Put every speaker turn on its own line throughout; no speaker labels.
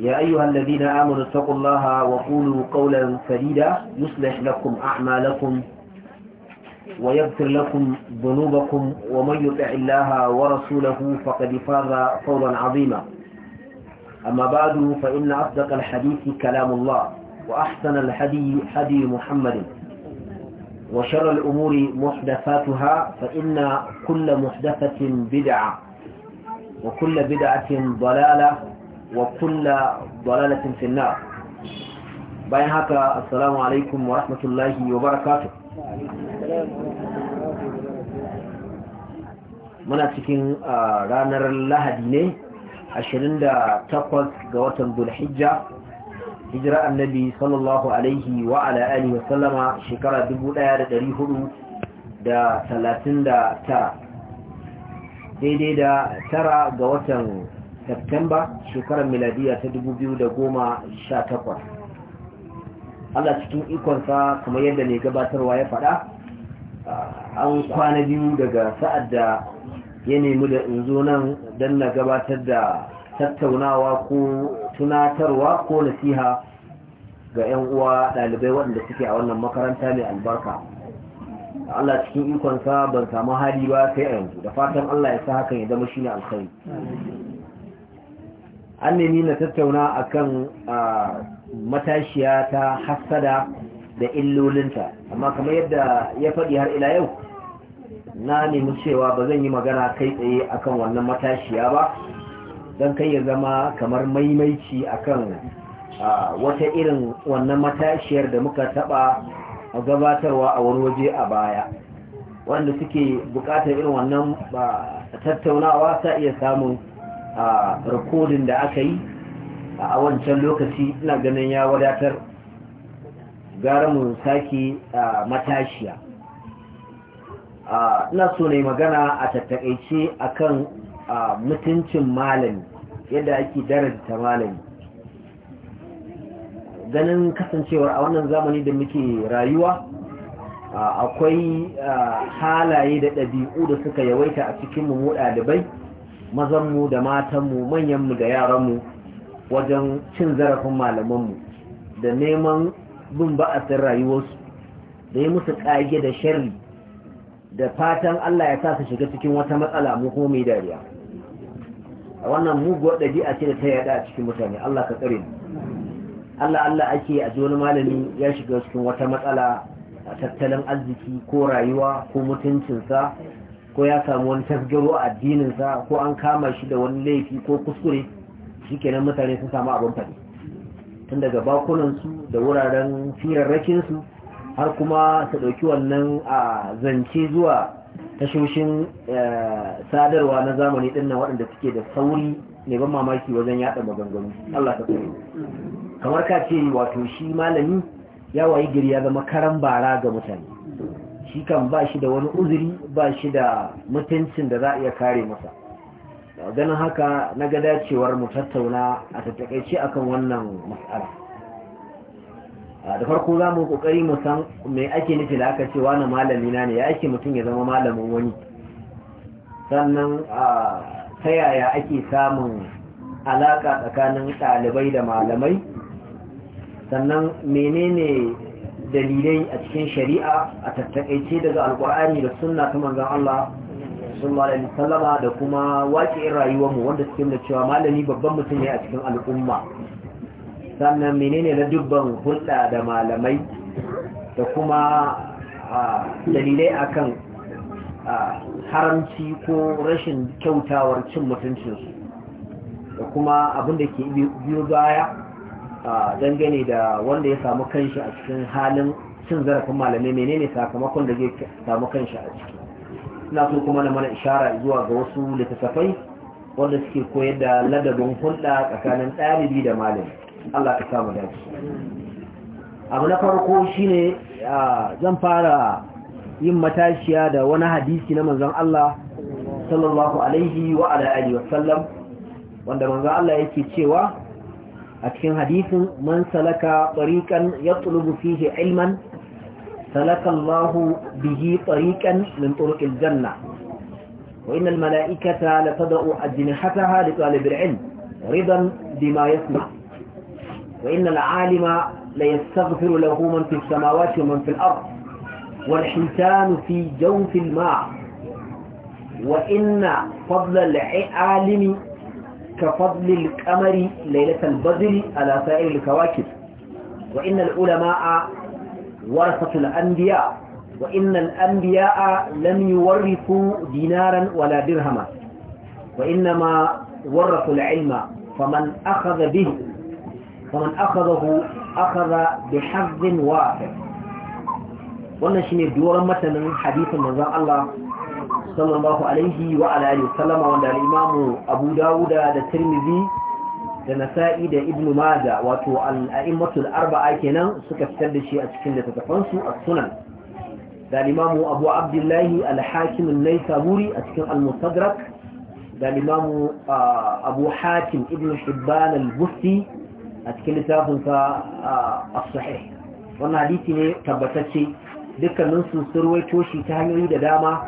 يا أيها الذين آمنوا اتقوا الله وقولوا قولا سديدا يصلح لكم أعمالكم ويغفر لكم ذنوبكم ومن يطع الله ورسوله فقد فاز فوزا عظيما أما بعد فإن أصدق الحديث كلام الله وأحسن الحدي حدي محمد وشر الأمور محدثاتها فإن كل محدثة بدعة وكل بدعة ضلالة wa kulla dalalatin finna bayan haka assalamu alaikum wa rahmatullahi wa barakatu muna cikin uh, ranar lahadi ne da takwas ga watan bulhijja hijira annabi shekara dubu ɗaya da ala hudu da talatin da tara daidai da tara ga watan september shekarar miladiya ta sha 2018 Allah cikin ikonsa kuma yadda ne gabatarwa ya fada ah, an kwana biyu daga sa'ad da ya nemi da in zo nan don na gabatar da tattaunawa ko tunatarwa ko nasiha ga 'yan uwa ɗalibai waɗanda suke a wannan makaranta mai albarka Allah cikin ikonsa ban samu hali ba sai a yanzu da fatan Allah ya sa hakan ya zama shi ne alkhari an nemi na tattauna a kan matashiya ta hassada da illolinta amma kamar yadda ya faɗi har ila yau na nemi cewa ba zan yi magana kai tsaye a kan wannan matashiya ba don kai ya zama kamar maimaici a kan wata irin wannan matashiyar da muka taɓa gabatarwa a wani waje a baya wanda suke bukatar irin wannan tattaunawa sa iya samun a rikodin da aka yi a wancan lokaci ina ganin ya wadatar gara mu sake matashiya ina so ne magana a tattakaice akan mutuncin malami yadda ake daraja malami ganin kasancewar a wannan zamani da muke rayuwa akwai halaye da ɗabi'u da suka yawaita a cikin mu ɗalibai mazanmu da matanmu manyanmu da yaranmu wajen cin zarafin malamanmu da neman bin ba'asin rayuwarsu da yi musu ƙage da sharri da fatan Allah ya sa su shiga cikin wata matsala mu ko mai dariya a wannan muguwar ɗabi'a ce da ta yada a cikin mutane Allah ka tsare Allah Allah ake a ji malami ya shiga cikin wata matsala a tattalin arziki ko rayuwa ko mutuncinsa ko ya samu wani tasgaro a addininsa ko an kama shi da wani laifi ko kuskure shi kenan mutane sun samu abin faɗi tun daga bakunansu da wuraren firarrakinsu har kuma su ɗauki wannan a zance zuwa tashoshin eh, sadarwa na zamani ɗin waɗanda suke da sauri ne ban mamaki wajen yaɗa maganganu Allah ta kare kamar ka ce wato shi malami ya wayi gari ya zama karan bara ga mutane shi kan ba shi da wani uzuri ba shi da mutuncin da za a iya kare masa ganin haka na ga dacewar mu tattauna a tattakaice akan wannan mas'ala da farko za mu kokari mu san me ake nufi da aka ce wani malami ne ya ake mutum ya zama malamin wani sannan ta yaya ake samun alaka tsakanin ɗalibai da malamai sannan menene dalilai a cikin shari'a a tattakaice daga alkur'ani da sunna ta manzon Allah sallallahu alaihi da kuma waƙi'in rayuwarmu wanda suke da cewa malami babban mutum ne a cikin al'umma sannan menene na dubban hulɗa da malamai da kuma dalilai akan haramci ko rashin kyautawar cin mutuncinsu da kuma abin da ke biyo baya dangane da wanda ya samu kanshi a cikin halin cin zarafin malamai menene sakamakon da zai samu kanshi a ciki ina so kuma na mana ishara zuwa ga wasu littattafai wanda suke koyar da ladabin hulɗa tsakanin ɗalibi da malami Allah ka samu dace abu na farko shine zan fara yin matashiya da wani hadisi na manzon Allah sallallahu alaihi wa ala alihi wa sallam wanda manzon Allah yake cewa أكثر حديث من سلك طريقا يطلب فيه علما سلك الله به طريقا من طرق الجنة وإن الملائكة لتضع أجنحتها لطالب العلم رضا بما يسمع وإن العالم ليستغفر له من في السماوات ومن في الأرض والحيتان في جوف الماء وإن فضل العالم كفضل القمر ليلة البدر على سائر الكواكب وإن العلماء ورثة الأنبياء وإن الأنبياء لم يورثوا دينارا ولا درهما وإنما ورثوا العلم فمن أخذ به فمن أخذه أخذ بحظ واحد wannan shine doron matanin hadisin manzon Allah sallallahu alaihi wa ala sallama wanda Abu Dawuda da tirmizi da Nasa'i da Ibn Majah wato al-a'immatul arba'a kenan suka fitar da shi a cikin da su a sunan da limamu Abu abdullahi alhakimin nai saburi a cikin al-Mustadrak da al Abu hakim Ibn Hibban al-Busti a cikin littafin sa sahih wannan hadisi ne tabbatacce dukkanin su sun ruwaito shi ta hanyoyi da dama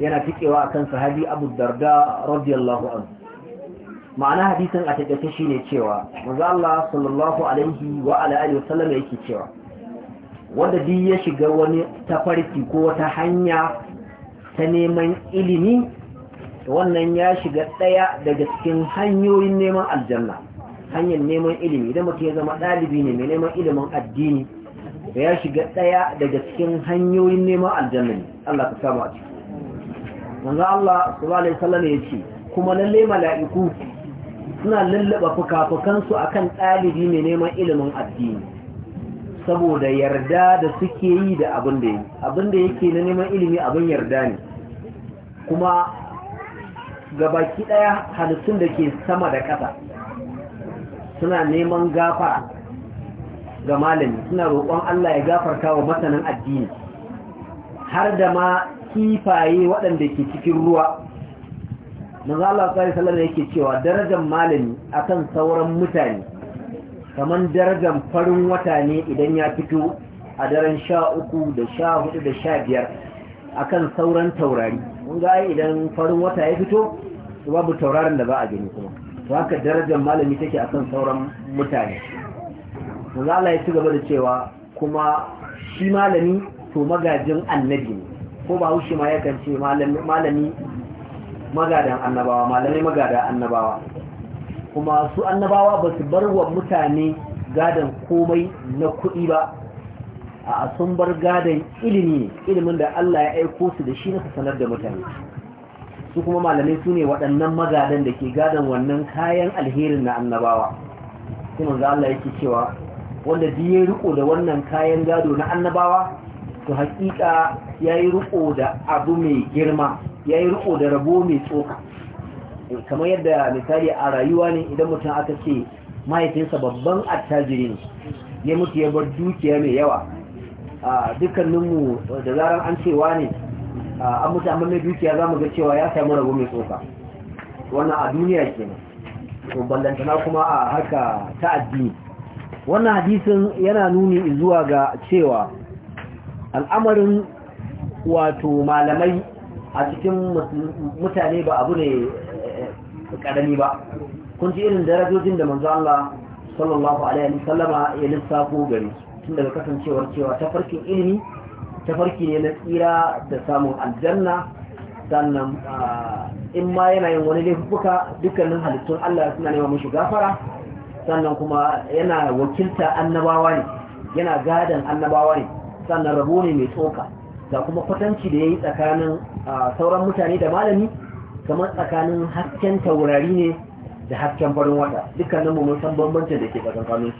yana tikewa akan sahabi Abu Darda radiyallahu anhu ma'ana hadisin a taƙaice shine cewa manzo Allah sallallahu alaihi wa ala alihi wasallam yake cewa wanda duk ya shiga wani tafarki ko wata hanya ta neman ilimi wannan ya shiga ɗaya daga cikin hanyoyin neman aljanna hanyar neman ilimi idan mutum ya zama ɗalibi ne mai neman ilimin addini ya shiga ɗaya daga cikin hanyoyin neman aljanna ne Allah ka samu a ciki manzo Allah sallallahu alaihi wasallam ce, kuma lalle mala'iku suna lallaba fukafukansu akan dalibi mai neman ilimin addini saboda yarda da suke yi da abin da yake abin da yake na neman ilimi abin yarda ne kuma gabaki ɗaya halittun da ke sama da ƙasa suna neman gafa ga malami suna roƙon Allah ya gafarta wa masanin addini har da ma kifaye waɗanda ke cikin ruwa manzo Allah sallallahu alaihi yake cewa darajar malami akan sauran mutane kamar darajar farin wata ne idan ya fito a daren sha uku da sha hudu da sha biyar akan sauran taurari mun ga idan farin wata ya fito babu taurarin da ba a gani kuma to haka darajar malami take akan sauran mutane manzo Allah ya ci gaba da cewa kuma shi malami to magajin annabi ne ko ba hushe ma ya kance malami magadan annabawa Malami magada annabawa kuma su annabawa ba su bar wa mutane gadon komai na kuɗi ba a sun bar gadon ilimi ilimin da Allah ya aiko su da shi na sanar da mutane su kuma malamai su ne waɗannan magadan da ke gadon wannan kayan alherin na annabawa sai manzo Allah yake cewa wanda biye riko da wannan kayan gado na annabawa to hakika yayi ruko da abu mai girma yayi ruƙo da rabo mai tsoka kamar yadda misali a rayuwa ne idan mutum aka ce mahaifinsa babban attajiri ne ya mutu ya bar dukiya mai yawa a dukkaninmu da zarar an cewa ne an mutu amma mai dukiya za mu ga cewa ya samu rabo mai tsoka wannan a duniya kenan to ballantana kuma a haka ta addini wannan hadisin yana nuni zuwa ga cewa al'amarin wato malamai a cikin mutane ba abu ne eh, ƙarami ba kun ji irin darajojin da manzo Allah sallallahu alaihi wa sallama ya lissafo gari tun daga kasancewar cewa tafarkin ilimi tafarki ne na tsira da samun aljanna sannan ah, in ma yana yin wani laifuka dukkanin halittun Allah suna nema mishi gafara sannan kuma yana wakilta annabawa ne yana gadan annabawa ne sannan rabo ne mai tsoka da kuma kwatanci da ya yi tsakanin sauran mutane da malami kamar tsakanin hasken taurari ne da hasken farin wata dukkanin mu san bambancin da ke tsakankanin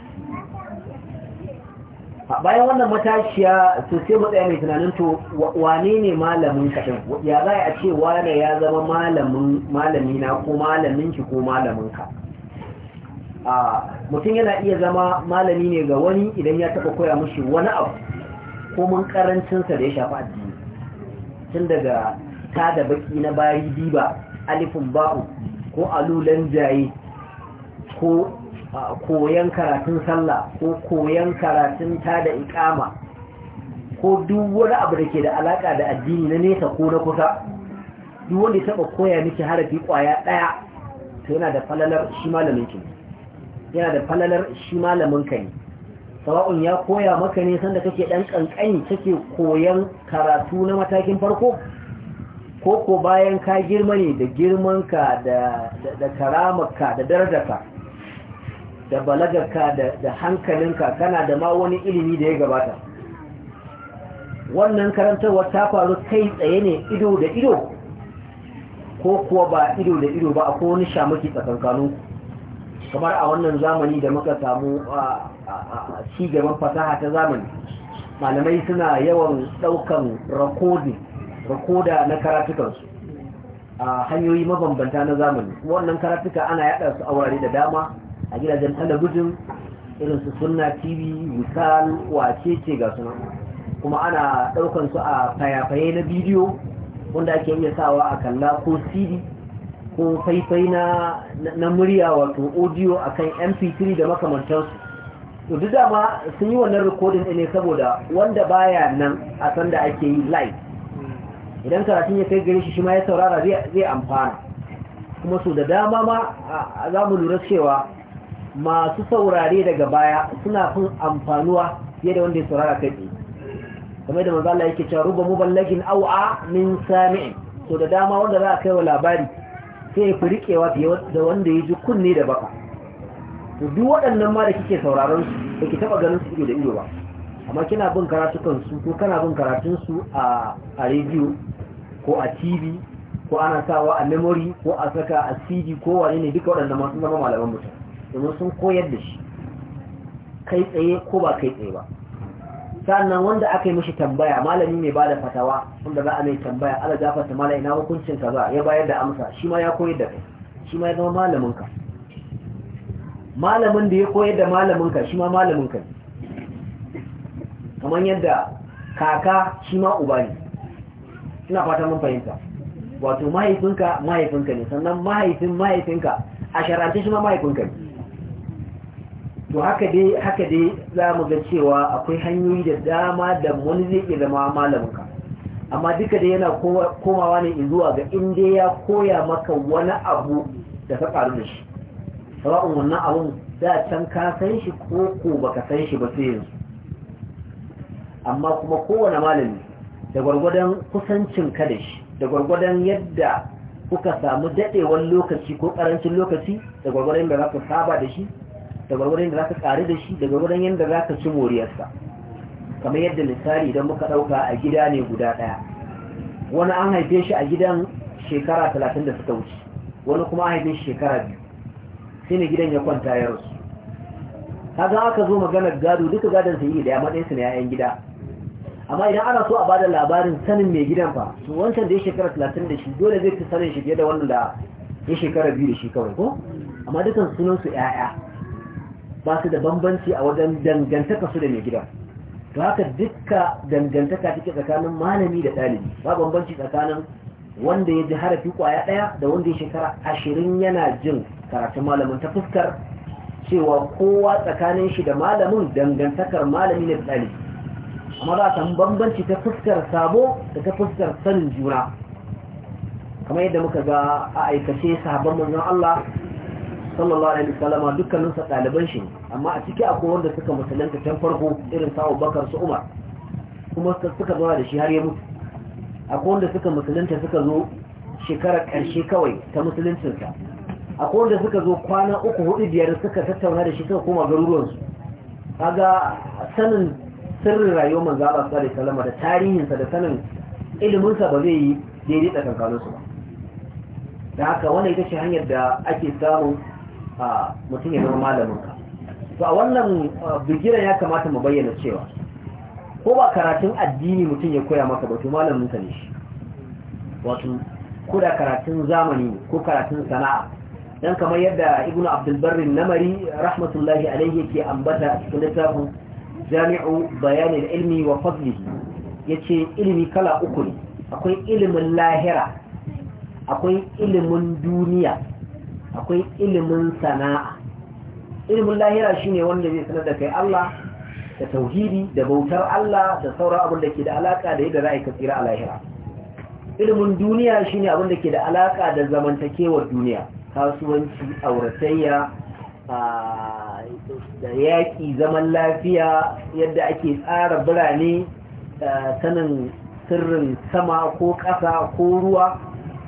a bayan wannan matashiya sun sai matsaya mai tunanin to wane ne malamin ka ya za a ce wane ya zama malamin ko malamin ko malamin mutum yana iya zama malami ne ga wani idan ya taɓa koya mushi wani abu komin karancinsa da ya shafi addini tun daga ta da baki na bayi diba alifin ba'u ko alulan jaye ko koyan karatun sallah ko koyan karatun ta da ikama ko duk wani abu da ke da alaka da addini na nesa ko na kusa duk wanda ya taba koya miki harafi kwaya daya to yana da falalar shi malamin ki yana da falalar shi malamin ka ne sawa'un ya koya maka ne sanda kake dan kankani kake koyan karatu na matakin farko ko ko bayan ka girma ne da girmanka da da karamarka da darajarka da balagarka da da hankalinka kana da ma wani ilimi da ya gabata wannan karantarwa ta faru kai tsaye ne ido da ido ko kuwa ba ido da ido ba akwai wani shamaki tsakankaninku kamar a wannan zamani da muka samu shi gaban fasaha ta zamani malamai suna yawan daukan rakodi rakoda na karatukansu a hanyoyi mabambanta na zamani wannan karatuka ana yada su a wurare da dama a gidajen talabijin irin su sunna tv misal wace ce ga suna kuma ana daukan su a fayafaye na bidiyo wanda ake iya sawa a kalla ko cd ko faifai na murya wato audio akan mp3 da makamantarsu to duk ma sun yi wannan recording ne saboda wanda baya nan a san da ake yi live idan karatun ya kai gare shi shi ma ya saurara zai amfana kuma su da dama ma za mu lura cewa masu saurare daga baya suna fin amfanuwa fiye da wanda ya saurara kai tsaye kamar da mazala yake cewa ruba mu muballagin au'a min sami'in to da dama wanda za a kai wa labari sai ya fi riƙewa fiye da wanda ya ji kunne da baka duk waɗannan ma da kike sauraron su da ki taɓa ganin su ido da ido ba amma kina bin karatukansu su ko kana bin karatun su a a rediyo ko a tv ko ana sawa a memory ko a saka a cd ko wani ne duka waɗannan masu zama malaman mutum domin sun koyar da shi kai tsaye ko ba kai tsaye ba sannan wanda aka yi mishi tambaya malami mai bada fatawa wanda za a mai tambaya ala gafarta mala na hukuncin kaza ya bayar da amsa shi ma ya koyar da kai shi ma ya zama malamin ka malamin da ya koyar da malamin ka shi ma malamin ka kamar yadda kaka shi ma uba ne ina fata mun fahimta wato mahaifinka mahaifinka ne sannan mahaifin mahaifinka a sharanta shi ma mahaifinka ne to haka dai haka dai za mu ga cewa akwai hanyoyi da dama da wani zai iya zama malaminka amma duka da yana komawa ne zuwa ga inda ya koya maka wani abu da ka faru da shi sawa'un wannan abun da can ka san shi ko ko baka san shi ba sai yanzu amma kuma kowane malami da gwargwadon kusancin ka da shi da gwargwadon yadda kuka samu dadewar lokaci ko karancin lokaci da gwargwadon da zaka saba da shi da gwargwadon da zaka kare da shi da gwargwadon yadda zaka ci moriyarsa kamar yadda misali idan muka dauka a gida ne guda daya wani an haife shi a gidan shekara talatin da suka wuce wani kuma an haife shi shekara biyu sai ne gidan ya kwanta ya rasu kaga aka zo maganar gado duka gadon su yi daya ya su na yayan gida amma idan ana so a ba da labarin sanin mai gidan fa to wancan da ya shekara talatin da shi dole zai fi sanin shi da wannan da ya shekara biyu da shi kawai ko amma dukan sunan su yaya ba su da bambanci a wajen dangantaka su da mai gidan to haka dukka dangantaka take tsakanin malami da ɗalibi ba bambanci tsakanin wanda ya ji harafi kwaya ɗaya da wanda ya shekara ashirin yana jin karatun malamin ta fuskar cewa kowa tsakanin shi da malamin dangantakar malami na tsari amma za ta bambanci ta fuskar sabo da ta fuskar sanin juna kamar yadda muka ga a aikace sahabban manzon Allah sallallahu alaihi wasallam dukkanin sa ɗaliban shi amma a ciki akwai wanda suka musulunta tan farko irin sa bakar su Umar kuma suka zama da shi har ya mutu akwai wanda suka musulunta suka zo shekarar ƙarshe kawai ta musuluncinsa akwai wanda suka zo kwana uku hudu biyar suka tattauna da shi suka koma garuruwansu kaga sanin sirrin rayuwar manzo Allah sallallahu alaihi wasallam da tarihinsa da sanin iliminsa ba zai yi daidai da kankanin ba da haka wannan ita ce hanyar da ake samun mutum ya zama malamin ka to a wannan bigiran ya kamata mu bayyana cewa ko ba karatun addini mutum ya koya maka ba to malamin ka ne shi wato ko da karatun zamani ko karatun sana'a dan kamar yadda ibnu abdul barri namari rahmatullahi alayhi ke ambata cikin littafin jami'u bayanin ilmi wa fadlihi yace ilimi kala uku ne akwai ilimin lahira akwai ilimin duniya akwai ilimin sana'a ilimin lahira shine wanda zai sanar da kai Allah da tauhidi da bautar Allah da sauran abin da ke da alaka da yadda za a yi a lahira ilimin duniya shi ne abin da ke da alaka da zamantakewar duniya kasuwanci auratayya da yaƙi zaman lafiya yadda ake tsara birane sanin sirrin sama ko ƙasa ko ruwa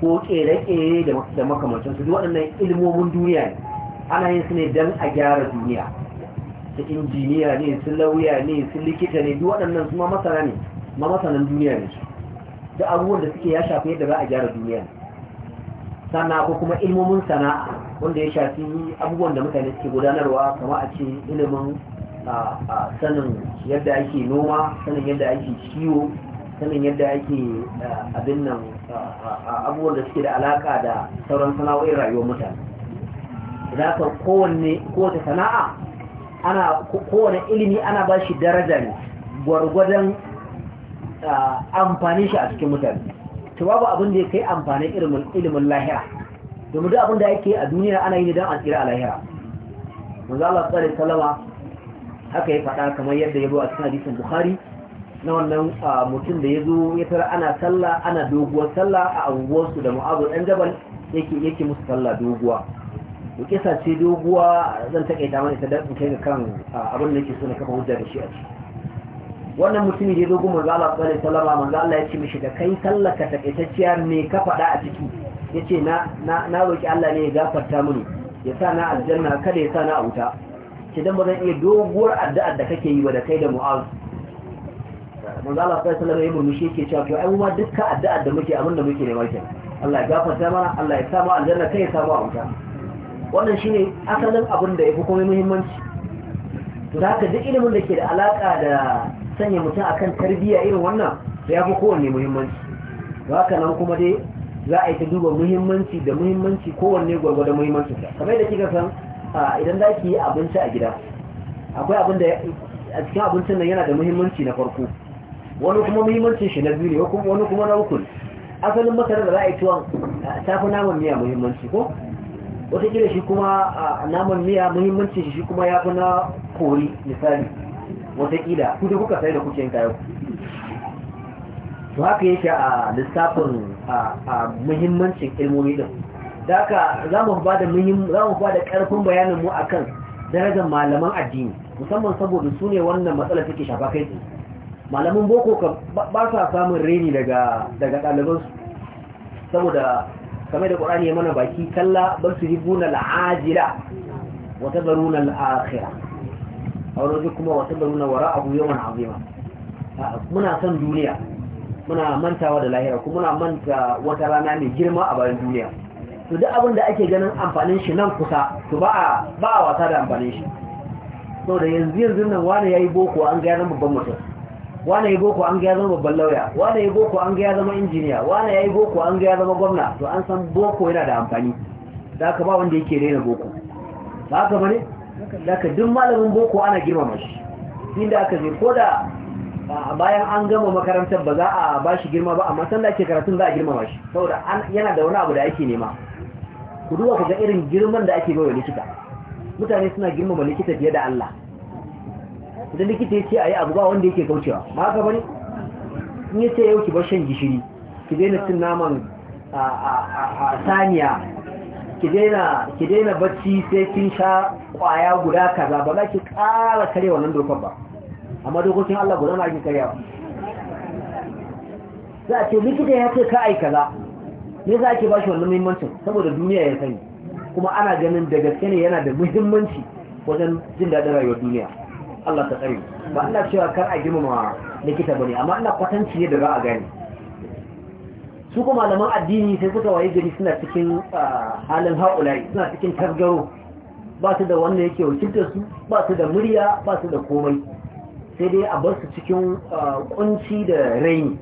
ko ƙere-ƙere da makamancinsu duk waɗannan ilmomin duniya ne ana yin su ne don a gyara duniya su injiniya ne su lauya ne su likita ne duk waɗannan su ma masana ne ma masanan duniya ne da abubuwan da suke ya shafi yadda za a gyara duniya sana ko kuma ilmomin sana'a wanda ya shafi abubuwan da mutane suke gudanarwa kama a ce ilimin sanin yadda ake noma sanin yadda ake ciwo sanin yadda ake abin nan abubuwan da suke da alaka da sauran sana'o'in rayuwar mutane za ka kowace sana'a ana kowane ilimi ana ba shi daraja ne gwargwadon amfani shi a cikin mutane to babu abin da ya kai amfanin ilimin lahira domin duk abin da yake a duniya ana yi ne don an tsira a lahira manzo Allah sallallahu Salama haka ya faɗa kamar yadda ya zo a cikin hadisin Bukhari na wannan mutum da ya zo ya tara ana sallah ana doguwar sallah a anguwarsu da mu'azu ɗan jabal yake yake musu sallah doguwa to kisa ce doguwa zan takaita mana ita dan kai kan abin da yake so ne kafa hujja da shi a ciki wannan mutumin da ya dogo manzo Allah sallallahu alaihi wasallam manzo Allah ya ce mishi da kai sallaka takaitacciya me ka faɗa a ciki yace na na na roki Allah ne ya gafarta mini ya sa na aljanna kada ya sa na auta ce dan ba zan iya doguwar addu'ar da kake yi ba da kai da mu'az manzo Allah sallallahu alaihi wasallam ya murmushi yake cewa to ai ma dukkan addu'ar da muke abin da muke ne mai Allah ya gafarta mana Allah ya sa mu aljanna kai ya sa mu auta wannan shine asalin abin da ya fi kome muhimmanci to da haka duk ilimin da ke da alaƙa da sanya mutum a kan tarbiyya irin wannan ya fi kowanne muhimmanci to haka nan kuma dai za a yi ta duba muhimmanci da muhimmanci kowanne gwargwadon muhimmanci kamar da kika san idan za ki yi abinci a gida akwai abin da a cikin abincin nan yana da muhimmanci na farko wani kuma muhimmancin shi na biyu ne wani kuma na uku asalin masarar da za a yi tuwon tafi naman miya muhimmanci ko watakila shi kuma a naman miya muhimmanci shi kuma ya fi na kori misali watakila ku da kuka sai da kuke yin kayo su haka yake a lissafin a muhimmancin ilmomi din da haka za mu ba da ƙarfin bayanin mu a kan darajar malaman addini musamman saboda su ne wannan matsala take shafa kai tsaye malaman boko ba sa samun reni daga ɗalibansu saboda kamar da qur'ani ya mana baki kalla basribuna al'ajila wa tadruna al'akhirah aw rajul kuma wata wa tadruna wara'ahu yawman 'azima muna son duniya muna mantawa da lahira kuma muna manta wata rana mai girma a bayan duniya to duk abin da ake ganin amfanin shi nan kusa to ba a ba wata da amfanin shi da yanzu yanzu nan wani ya yi boko an gaya yaran babban mutum wane ya boko an gaya zama babban lauya wane ya boko an gaya zama injiniya wane ya yi boko an gaya zama gwamna to an san boko yana da amfani da aka ba wanda yake rena boko ba aka bane da aka duk malamin boko ana girmama shi inda aka je ko da bayan an gama makarantar ba za a ba shi girma ba amma san ke karatun za a girmama shi saboda yana da wani abu da ake nema ku duba ku ga irin girman da ake bai wa likita mutane suna girmama likita fiye da Allah idan likita ya ce a yi abu ba wanda yake kaucewa ba haka bane in ya ce yau ki bar shan gishiri ki daina cin naman a saniya ki daina bacci sai kin sha kwaya guda kaza ba za ki kara karewa nan dokar ba amma dokokin Allah guda na ake karewa za a ce likita ya ce ka kaza ne za ki ba shi wannan muhimmancin saboda duniya ya sani kuma ana ganin da gaske ne yana da muhimmanci wajen jin daɗin rayuwar duniya Allah ta tsare ba Allah cewa kar a girmama likita bane amma ina kwatanci ne da za a gani. su kuma malaman addini sai suka waye gari suna cikin ah, halin haulai suna cikin tasgaro ba su da wanda yake wakiltar su ba su da murya ba su da komai sai dai a bar su cikin ah, kunci da raini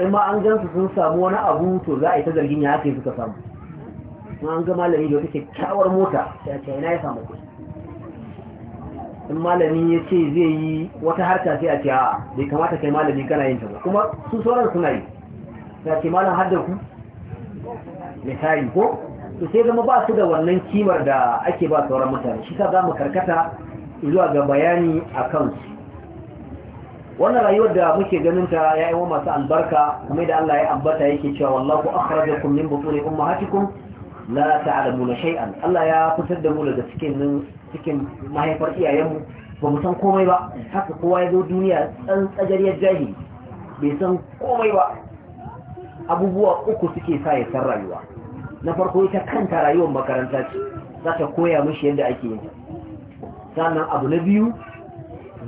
in ma an gansu sun samu wani abu to za a yi ta zargin ya haka suka samu an ga malami da wata kyakkyawar mota ya ce ina ya samu kuɗi in malami ya ce zai yi wata harka sai a ce a bai kamata kai malami kana yin ta ba kuma su sauran suna yi na ce malam har da ku misali ko to sai zama ba su da wannan kimar da ake ba sauran mutane shi ta za mu karkata zuwa ga bayani a su wannan rayuwar da muke ganin ta ya yi masu albarka kuma da Allah ya ambata yake cewa wallahu akhrajakum min butuni ummahatikum la ta'lamuna shay'an Allah ya fitar da mu daga cikin cikin mahaifar iyayenmu ba mu san komai ba haka kowa ya zo duniya tsan tsajariyar jahi bai san komai ba abubuwa uku suke sa ya san rayuwa na farko ita kanta rayuwar makaranta ce za ta koya mishi yadda ake yin sannan abu na biyu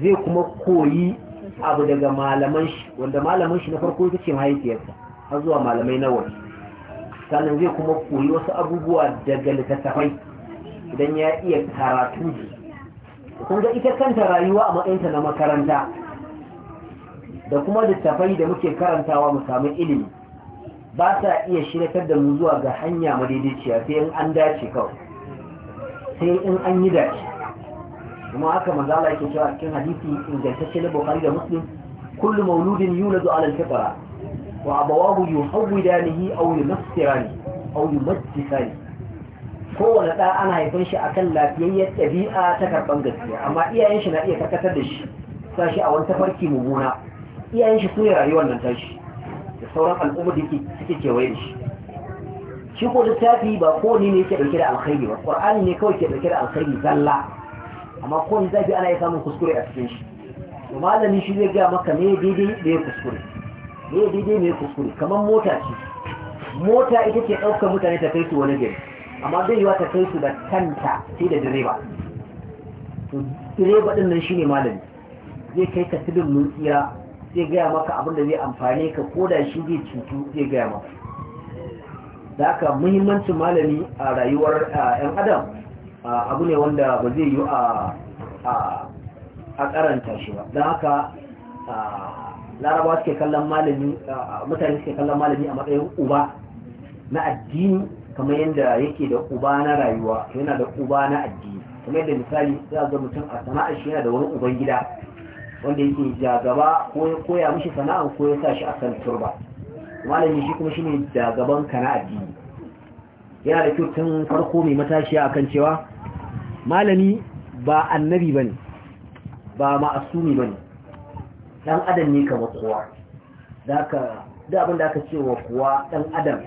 zai kuma koyi abu daga malaman shi wanda malaman shi na farko ita ce mahaifiyarsa har zuwa malamai nawa sannan zai kuma koyi wasu abubuwa daga littattafai idan ya iya karatu kun ga ita kanta rayuwa a matsayinta na makaranta da kuma littafai da muke karantawa mu samu ilimi ba sa iya shirkar da mu zuwa ga hanya madaidaiciya sai in an dace kawai sai in an yi dace kuma haka mazala yake cewa cikin hadisi ingantacce na bukari da muslim kullu mauludin yuladu ala al-fitra wa abawahu yuhawwidanihi aw yunassirani aw yumajjisani kowane ɗa ana haifin shi akan lafiyayyar ɗabi'a ta karɓar gaskiya amma iyayen shi na iya karkatar da shi sa shi a wani tafarki mummuna iyayen shi sun yi rayuwar nan tashi da sauran al'umma da suke kewaye da shi shi ko littafi ba kowane ne yake ɗauke da alkhairi ba ƙur'ani ne kawai ke ɗauke da alkhairi zalla amma kowane zafi ana iya samun kuskure a cikin shi to malami shi zai gaya maka me daidai me kuskure me daidai me kuskure kamar mota ce mota ita ce ɗaukar mutane ta kai su wani gari amma zai yi wata kai su da kanta sai da direba to direba din nan shine malami zai kai ka tudun mun tsira zai gaya maka abin da zai amfane ka ko da shi zai cutu zai gaya maka da haka muhimmancin malami a rayuwar yan adam abu ne wanda ba zai yi a karanta shi ba don haka larabawa suke kallon malami mutane suke kallon malami a matsayin uba na addini kamar yadda yake da uba na rayuwa yana da uba na addini kamar yadda misali za a ga mutum a sana'ar shi yana da wani uban gida wanda yake gaba ko ya koya mishi sana'ar ko ya sa shi a kan turba malami shi kuma shine gaban ka na addini yana da kyau tun farko mai matashiya akan cewa malami ba annabi bane ba ma'asumi bane dan adam ne kamar kowa da da abin da aka ce wa kowa dan adam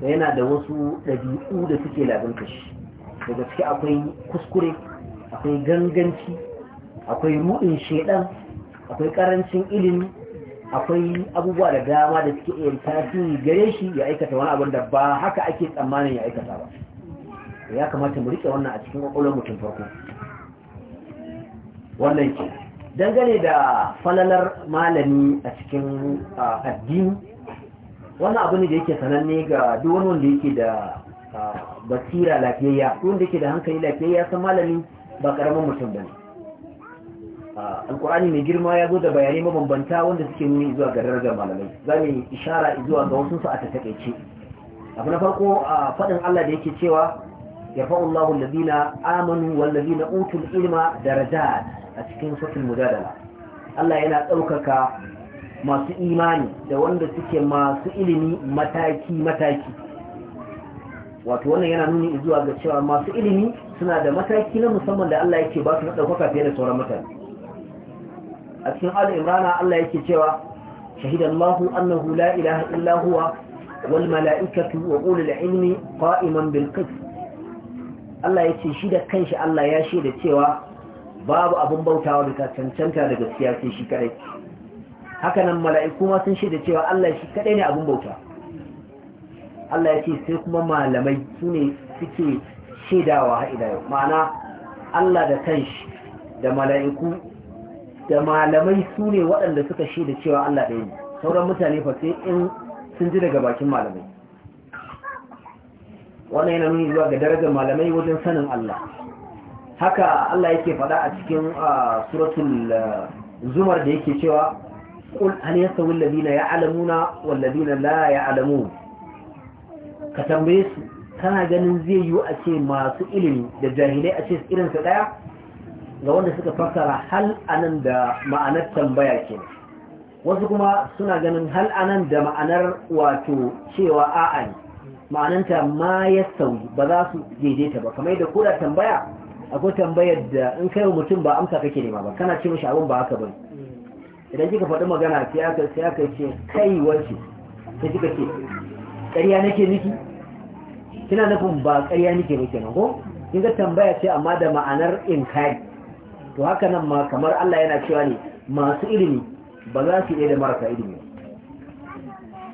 da yana da wasu ɗabi'u da suke labin kashi daga suke akwai kuskure akwai ganganci akwai ruɗin shaidan akwai ƙarancin ilimi akwai abubuwa da dama da suke iya tasiri gare shi ya aikata wani abin da ba haka ake tsammanin ya aikata ba ya kamata mu riƙe wannan a cikin ƙwaƙwalwar mutum farko wannan ke dangane da falalar malami a cikin addini wannan abu ne da yake sananne ga duk wani wanda yake da basira lafiyayya duk wanda yake da hankali lafiyayya san malami ba karamin mutum bane alkur'ani mai girma ya zo da bayanai mabambanta wanda suke nuni zuwa ga darajar malamai za mu ishara zuwa ga wasu su a takaice abu na farko a faɗin Allah da yake cewa yarfa'u Allahu allazina amanu wal ladina utul ilma darajat a cikin sautin mujadala Allah yana ɗaukaka masu imani da wanda suke masu ilimi mataki-mataki wato wannan yana nuni zuwa ga cewa masu ilimi suna da mataki na musamman da Allah yake ba su na ɗaukaka fiye da sauran mutane a cikin al'imrana Allah yake cewa shahidan mahu, annahu la ilaha illa huwa wal mala'ikatu wa ulul ilmi qa'iman bil qist Allah yake shi da kanshi Allah ya shaida cewa babu abin bautawa da cancanta daga gaskiya sai shi kadai haka nan mala'iku ma sun shaida cewa Allah shi kadai ne abin bauta Allah ya ce sai kuma malamai su ne suke shaidawa haida yau ma'ana Allah da kanshi da mala'iku da malamai su ne waɗanda suka shaida cewa Allah ɗaya ne sauran mutane fa sai in sun ji daga bakin malamai wannan yana nuni zuwa ga darajar malamai wajen sanin Allah haka Allah yake faɗa a cikin ah, suratul ah, zumar da yake cewa قل هل يستوي الذين يعلمون والذين لا يعلمون كتنبيس كان جنن زي يو أشي ما سئلني دا جاهلي أشي سئلن سدايا لو أن سكا فكر هل أنا دا ما أنا تنبيا كين وسكما سنا جنن هل أنا دا ما أنا واتو شي وآآني ma'ananta ma ya sauyi ba za su daidaita ba kamar yadda koda tambaya akwai tambayar da in kai mutum ba amsa kake nema ba kana ce mishi abin ba haka bane idan kika faɗi magana sai aka ce kai wace sai kika ce ƙarya nake niki kina nufin ba ƙarya nake ba kenan ko kin ga tambaya ce amma da ma'anar inkari to haka nan ma kamar Allah yana cewa ne masu ilimi ba za su iya da marasa ilimi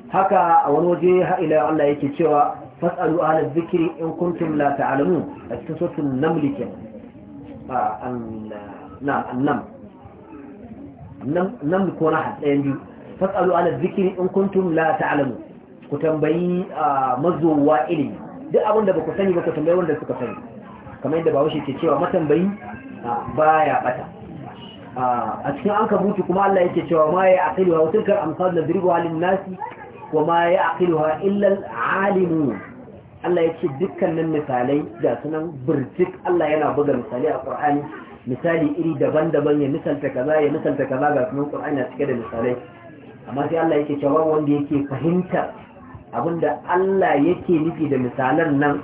haka a wani waje har ila Allah yake cewa fas'alu ala zikri in kuntum la ta'lamun a cikin suratul naml kenan ah, an na'am nan ko raha ɗayan biyu fasalu ala zikiri in kuntum la ta'lamu ku tambayi mazowa ilimi duk abin da ba sani ba ku tambayi wanda suka sani kamar yadda bawashi ke cewa matambayi baya bata a cikin an kabutu kuma Allah yake cewa ma ya aqiluha wa tilka amsal nadribuha lin nasi wa ma ya aqiluha illa al alimun Allah yake dukkanin misalai da sunan birtik Allah yana buga misali a Qur'ani misali iri daban-daban ya misalta kaza ya misalta kaza ga sunan Qur'ani cike da misalai amma sai Allah yake cewa wanda yake fahimta abinda Allah yake nufi da misalan nan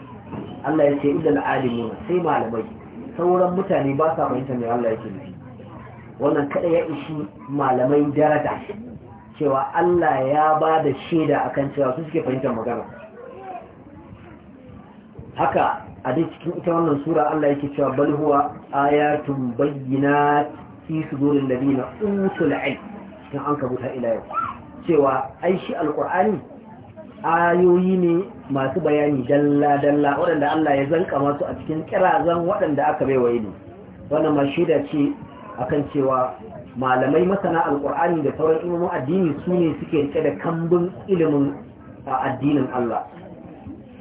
Allah yake idan alimi sai malamai sauran mutane ba sa fahimta me Allah yake nufi wannan kada ya ishi malamai daraja cewa Allah ya ba da shaida akan cewa su suke fahimtar magana haka a dai cikin ita wannan sura Allah yake cewa bal huwa ayatun bayyinat fi sudurin ladina utul ilm cikin an kabuta ila yau cewa ai shi alqur'ani ayoyi ne masu bayani dalla dalla waɗanda Allah ya zanka masu a cikin kirazan waɗanda aka baiwa ne wannan ma shaida ce akan cewa malamai masana alqur'ani da sauran imamu addini su ne suke rike da kambun ilimin addinin Allah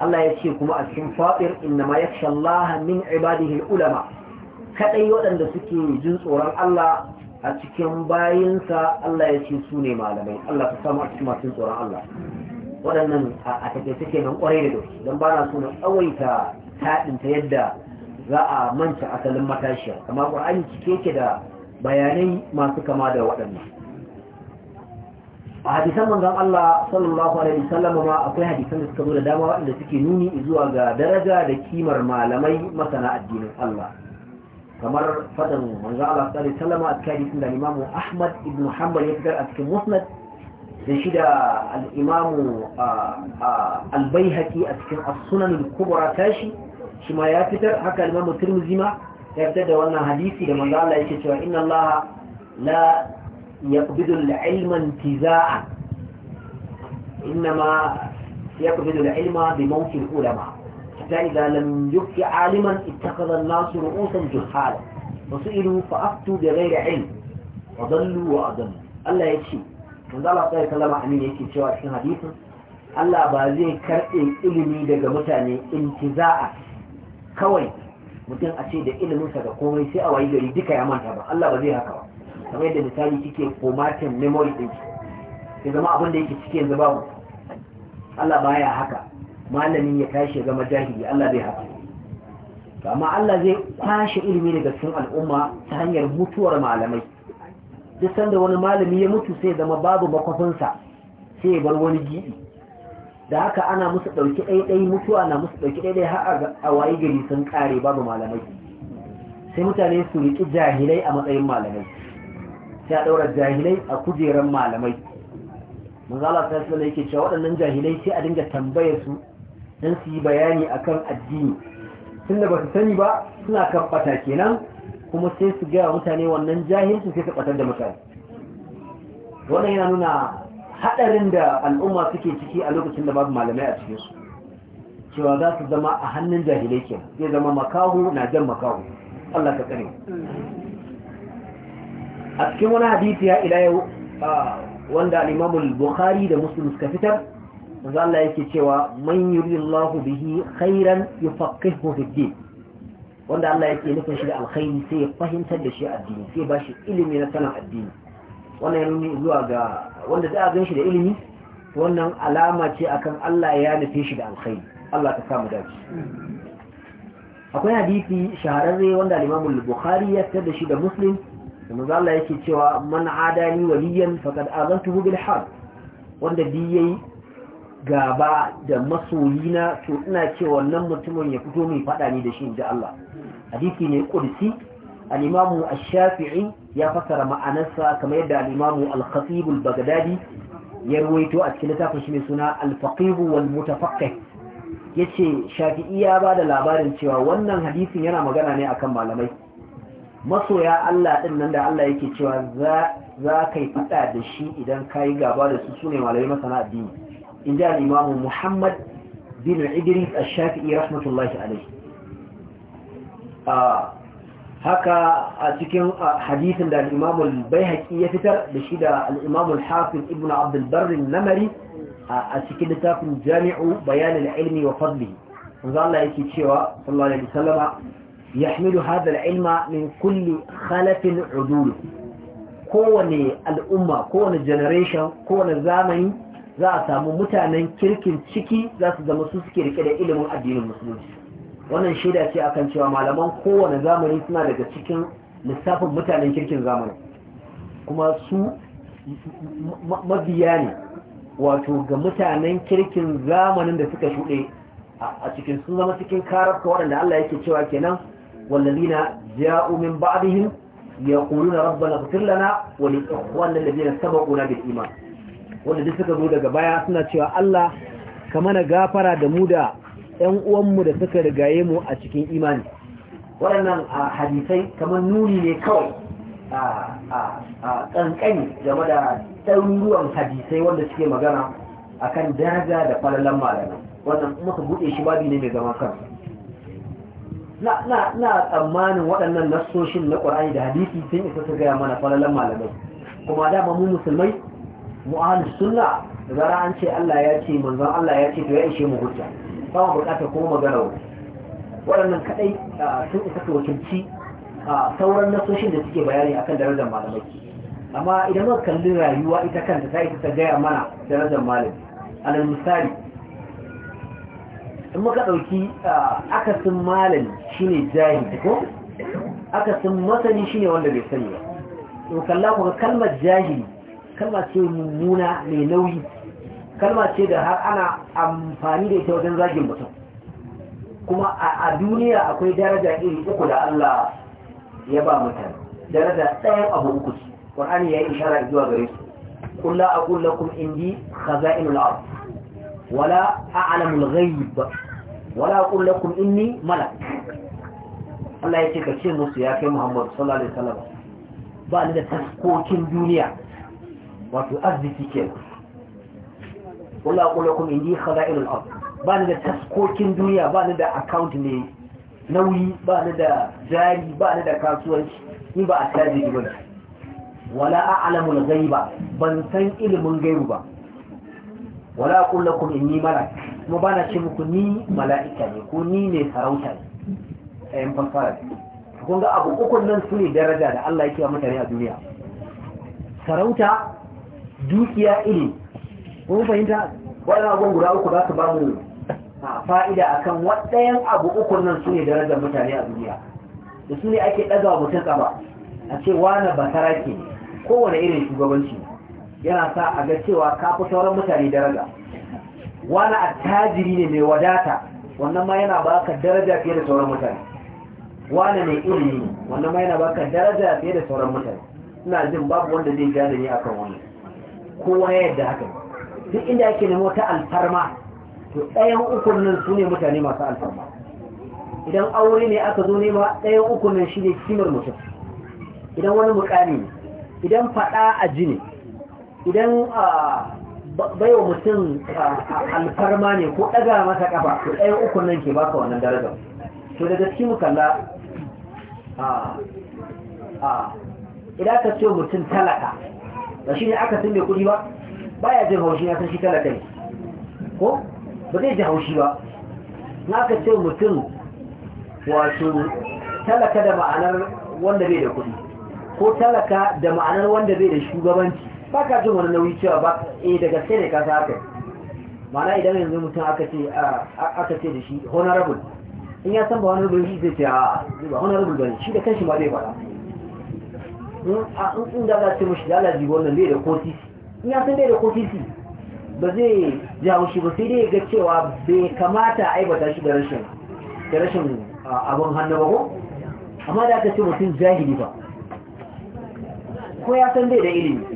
Allah ya ce kuma a cikin fatir inna ma yakhsha Allah min ibadihi ulama kadai waɗanda suke jin tsoron Allah a cikin bayinsa Allah ya ce su ne malamai Allah ka samu a cikin masu tsoron Allah waɗannan a take take nan kwarai da gaske dan ba na so na tsawaita taɗin ta yadda za a manta asalin matashiya kamar Qur'ani cike yake da bayanai masu kama da waɗannan a hadisan manzon Allah sallallahu alaihi wasallam ma akwai hadisan da suka zo da dama waɗanda suke nuni zuwa ga daraja da kimar malamai masana addinin Allah kamar fadan manzon Allah sallallahu alaihi wasallam a cikin hadisin da Imam Ahmad ibn Hanbal ya fitar a cikin Musnad da shi da al-Imam al-Baihaqi a cikin As-Sunan al-Kubra tashi shi ma ya fitar haka Imam Tirmidhi ma ya fitar da wannan hadisi da manzon Allah yake cewa inna Allah la يقبض العلم انتزاعا إنما يقبض العلم بموت العلماء حتى إذا لم يبك عالما اتخذ الناس رؤوسا جهالا وسئلوا فأفتوا بغير علم وضلوا وأضلوا الله يكشي من ذلك الله يكلم أمين يكي شواء في حديث الله بازي كرئي إلمي دقى متعني انتزاعا كوي mutum أشيد ce da iliminsa سيئا komai sai يا wayi الله duka ya kamar yadda misali kike komatin memory din ki zama abin da yake ciki yanzu babu Allah baya haka malamin ya tashi ya zama jahili Allah bai haka amma Allah zai kwashe ilimi daga cikin al'umma ta hanyar mutuwar malamai duk sanda wani malami ya mutu sai zama babu makwafinsa sai ya bar wani gidi da haka ana musu ɗauki ɗaiɗai mutuwa na musu ɗauki ɗaiɗai har a waye gari sun ƙare babu malamai sai mutane su riƙi jahilai a matsayin malamai ta daura jahilai a kujeran malamai manzala ta yake cewa waɗannan jahilai sai a dinga tambayar su dan su yi bayani akan addini tunda ba su sani ba suna kan bata kenan kuma sai su gaya mutane wannan jahilci sai su batar da mutane wannan yana nuna haɗarin da al'umma suke ciki a lokacin da babu malamai a cikin su cewa za su zama a hannun jahilai ke zai zama makahu na jan makahu Allah ka tsare a cikin wani hadisi ya ila yau wanda al bukhari da Muslim suka fitar manzo Allah yake cewa man bihi khairan ya fi din wanda Allah yake nufin shi da alkhairi sai ya fahimtar da shi addini sai ba shi ilimi na sanin addini wannan yana zuwa ga wanda za a gan shi da ilimi wannan alama ce akan Allah ya nufe shi da alkhairi Allah ta samu dace akwai hadisi shahararre wanda al bukhari ya fitar da shi da Muslim manzo Allah yake cewa man adani waliyan faqad azantuhu bil harb wanda bi yayi gaba da masoyina to ina cewa wannan mutumin ya fito mai fada ni da shi inda Allah hadisi ne kursi al-imamu ash-shafi'i ya fasara ma'anarsa kamar yadda al-imamu al-khatib al-baghdadi ya ruwaito a cikin littafin shi mai suna al-faqih wal mutafaqqih yace shafi'i ya bada labarin cewa wannan hadisin yana magana ne akan malamai masoya Allah ɗin nan da Allah yake cewa za ka yi faɗa da shi idan ka yi gaba da su sune malamai masana addini in ji al'imamu Muhammad bin Idris a shafi'i rahmatullahi alaihi haka a cikin hadisin da al'imamu bai ya fitar da shi da al'imamu hafiz ibn abdulbarin namari a cikin littafin jami'u bayanin ilmi wa fadli. Allah yake cewa sallallahu يحمل هذا العلم من كل خلف عدول kowane al'umma kowane generation kowane zamani za'a samu mutanen kirkin ciki zasu zama su suke rike da ilimin addinin musulunci wannan shaida ce akan cewa malaman kowane zamani suna daga cikin lissafin mutanen kirkin zamani kuma su mabiya ne wato ga mutanen kirkin zamanin da suka shuɗe a cikin sun zama cikin karafka waɗanda Allah yake cewa kenan والذين جاءوا من بعدهم يقولون ربنا اغفر لنا ولإخواننا الذين سبقونا بالإيمان wanda duk suka zo daga baya suna cewa Allah ka mana gafara da mu da ƴan uwanmu da suka rigaye mu a cikin imani waɗannan hadisai kamar nuni ne kawai a ƙanƙani game da ɗaruruwan hadisai wanda suke magana akan daraja da falalan malamai wannan muka buɗe shi ne mai zaman kansa na tsammanin waɗannan nassoshin na ƙwararri da hadisi sun isa su gaya mana falalan malamai kuma dama mu musulmai mu mu'ahal sunna zara an ce Allah ya ce manzon Allah ya ce to ya ishe mu hujja ba mu buƙatar kuma magana wani waɗannan kaɗai sun isa su wakilci sauran nassoshin da suke bayani akan darajar malamai amma idan muka kalli rayuwa ita kanta ta isa ta gaya mana darajar A alal misali in muka ɗauki akasin malami shine jahil, ko akasin masani shine wanda bai sani ba in kalla ku kalmar jahili kalma ce mummuna mai nauyi kalma ce da har ana amfani da ita wajen zagin mutum kuma a duniya akwai daraja iri uku da Allah ya ba mutane daraja ɗayan abu uku ce ƙwar'ani ya yi ishara zuwa gare su kulla aqul lakum indi khaza'inul ardh ولا أعلم الغيب ولا أقول لكم إني ملك الله يتكى كثير مصر يا محمد صلى الله عليه وسلم بعد ذلك تسكوكين دنيا وتؤذي كيف ولا أقول لكم إني خزائن الأرض بعد ذلك تسكوكين دنيا بعد ذلك أكاونت لي nauyi ba ni da jari ba ni da kasuwanci in ba a tajiri ba wala a'lamul ghaiba ban san ilimin gairu ba wala aqul lakum inni mala kuma bana ce muku ni mala'ika ne ko ni ne sarauta ne ayin eh, fasara kun ga abu ukun nan su ne daraja da Allah yake wa mutane a duniya sarauta dukiya ilimi kuma fahimta waɗannan abubuwan guda uku za su ba mu fa'ida akan waɗayan abu ukun nan su ne darajar mutane a duniya da su ne ake ɗaga mutum ƙaba a ce wane basara ke kowane irin shugabanci yana sa a ga cewa ka fi sauran mutane daraja wani attajiri ne mai wadata wannan ma yana ka daraja fiye da sauran mutane wani mai ilimi wannan ma yana ka daraja fiye da sauran mutane ina jin babu wanda zai gane ne akan wani. kowa ya yadda haka duk inda ake nemo ta alfarma to ɗayan ukun nan su ne mutane masu alfarma idan aure ne aka zo nema ɗayan ukun nan shi ne kimar mutum idan wani mukami idan faɗa a ji ne idan bai wa mutum alfarma ne ko ɗaga masa ƙafa ko ɗaya ukun nan ke baka wannan darajar to da gaske mu kalla idan ka ce mutum talaka ba shi ne aka sun mai kuɗi ba baya jin haushi na san shi talaka ne ko ba zai ji haushi ba na ka ce mutum wato talaka da ma'anar wanda bai da kuɗi ko talaka da ma'anar wanda bai da shugabanci ba ka jin wani nauyi cewa ba eh daga sai ne ka sa haka mana idan yanzu mutum aka ce aka ce da shi honorable in ya san ba wani rubin zai ce a ba honorable ba shi da kanshi ba zai fara in da za ce mushi da alaji wannan bai da kotisi in ya san bai da kotisi ba zai jawo shi ba sai dai ga cewa bai kamata a aibata shi da rashin da rashin abin hannu ba ko amma da aka ce mutum jahili ba ko ya san bai da ilimi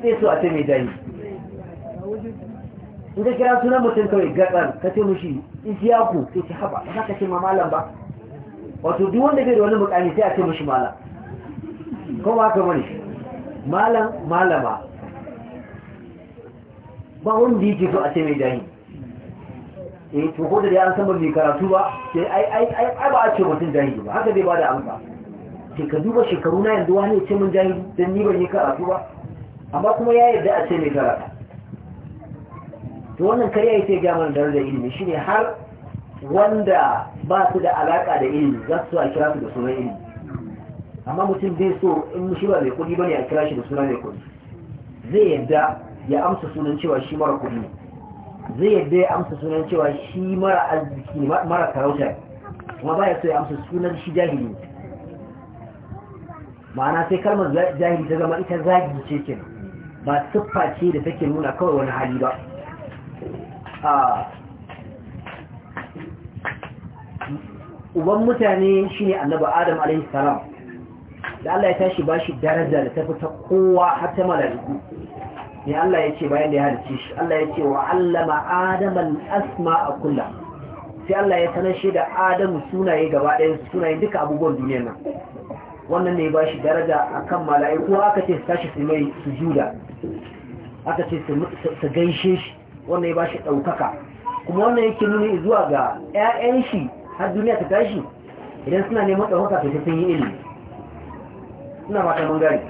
sai so a ce mai jayi in ka kira sunan mutum kawai gatsar ka ce mushi isiyaku sai ce haba ba za ka ce ma malam ba wato duk wanda bai da wani mukami sai a ce mushi malam ko ba ka bane malam malama ba wanda yake so a ce mai jayi eh to ko da ya an san mai karatu ba sai ai ai ai ba a ce mutum jahili ba haka bai bada amsa sai ka duba shekaru na yanzu wani ya ce mun jahili dan ni ban yi karatu ba amma kuma ya yarda a ce mai karata to wannan kariya ita gamar da darajar ilimi shine har wanda ba su da alaka da ilimi za su a kira su da sunan ilimi amma mutum bai so in shi ba mai kudi bane a kira shi da sunan mai kudi zai yarda ya amsa sunan cewa shi mara kudi zai yarda ya amsa sunan cewa shi mara arziki mara karauta kuma ba ya so ya amsa sunan shi jahili ma'ana sai kalmar jahili ta zama ita zagi ce kenan ba siffa ce da take nuna kawai wani hali ba uban mutane shine annabi adam alaihi salam da Allah ya tashi bashi daraja da tafi ta kowa har ta malaiku ne Allah ya ce bayan da ya halice shi Allah ya ce wa allama adaman asma a kulla sai Allah ya sanar shi da adamu sunaye gaba ɗaya sunaye duka abubuwan duniyar nan wannan ne ba shi daraja a akan mala'iku aka ce su tashi su mai sujuda aka ce su gaishe shi wannan ya ba shi ɗaukaka kuma wannan yake nuni zuwa ga 'ya'yan shi har duniya ta tashi idan suna neman ɗaukaka ta sun yi ilimi suna mata mangari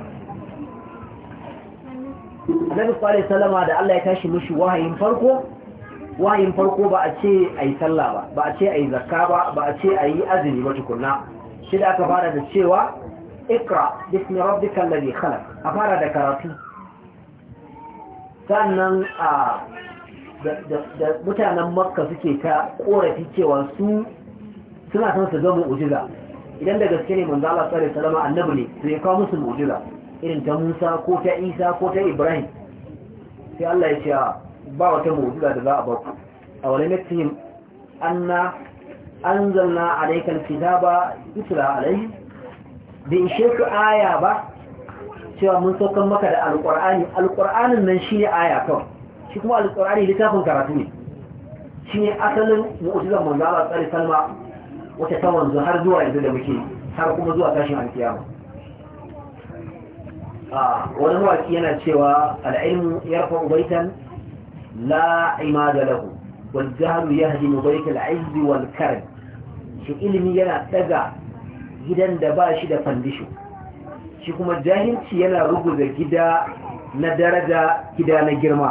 gari annabi sallallahu salama da Allah ya tashi mushi wahayin farko wahayin farko ba a ce ayi sallah ba ba a ce ayi zakka ba ba a ce ayi azumi ba tukunna shi da aka fara da cewa اقرأ باسم ربك a خلق da karatu sannan a da mutanen makka suke ta korafi cewa su suna son su zama ujiza idan da gaske ne manzo Allah sallallahu alaihi annabi ne to kawo musu ujiza irin ta Musa ko ta Isa ko ta Ibrahim sai Allah ya ce ba wata ujiza da za a baku a wani mutum anna anzalna alayka alkitaba yutla alayhi Bin shirka aya ba cewa mun saukan maka da alƙur'ani alƙur'anin nan shi ne aya kawai shi kuma alƙur'ani littafin karatu ne shi ne asalin mu'ujizar manzo Allah tsari salma wata ta wanzu har zuwa yanzu da muke har kuma zuwa tashin alkiyama a wani mawaki yana cewa al'ilmu yarfa ubaitan la imada lahu wal jahlu yahdimu baita al wal karam shi ilimi yana daga gidan da ba shi da fandisho shi kuma jahilci yana ruguza gida na daraja gida na girma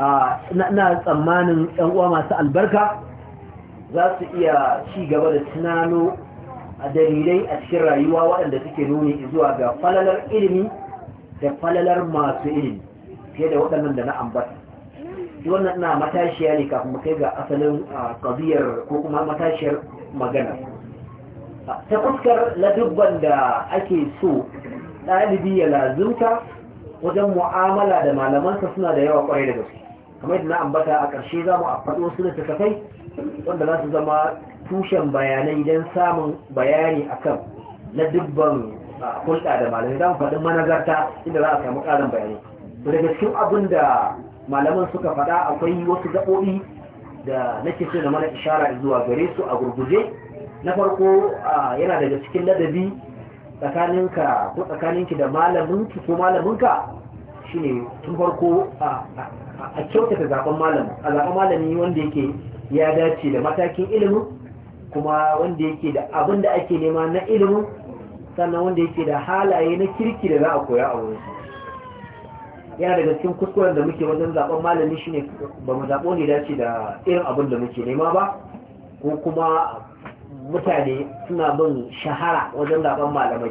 a na tsammanin yan uwa masu albarka za su iya ci gaba da tunano a dalilai a cikin rayuwa waɗanda suke nuni zuwa ga falalar ilimi da falalar masu ilimi fiye da waɗannan da na ambata wannan na matashiya ne kafin mu kai ga asalin ƙabiyar ko kuma matashiyar magana ta fuskar na duk da ake so ɗalibi ya lazumta wajen mu'amala da malamansa suna da yawa kwarai da gaske kamar yadda na ambata a ƙarshe za mu faɗo su da takafai wanda za su zama tushen bayanai don samun bayani akan dubban hulɗa da malamai za mu faɗi managarta inda za a samu ƙarin bayanai daga cikin abin da malaman suka faɗa akwai wasu gaɓoɓi da nake so na mana ishara zuwa gare su a gurguje na farko yana daga cikin ladabi tsakaninka ko tsakaninki da malaminki ko malaminka shine tun farko a kyautata zaben malami a zaben malami wanda yake ya dace da matakin ilimin kuma wanda yake da abin da ake nema na ilimin sannan wanda yake da halaye na kirki da za a koya a wurin yana daga cikin kuskuren da muke wajen zaben malami shine ba mu zaɓo ne dace da irin abin da muke nema ba ko kuma mutane suna bin shahara wajen zaben malamai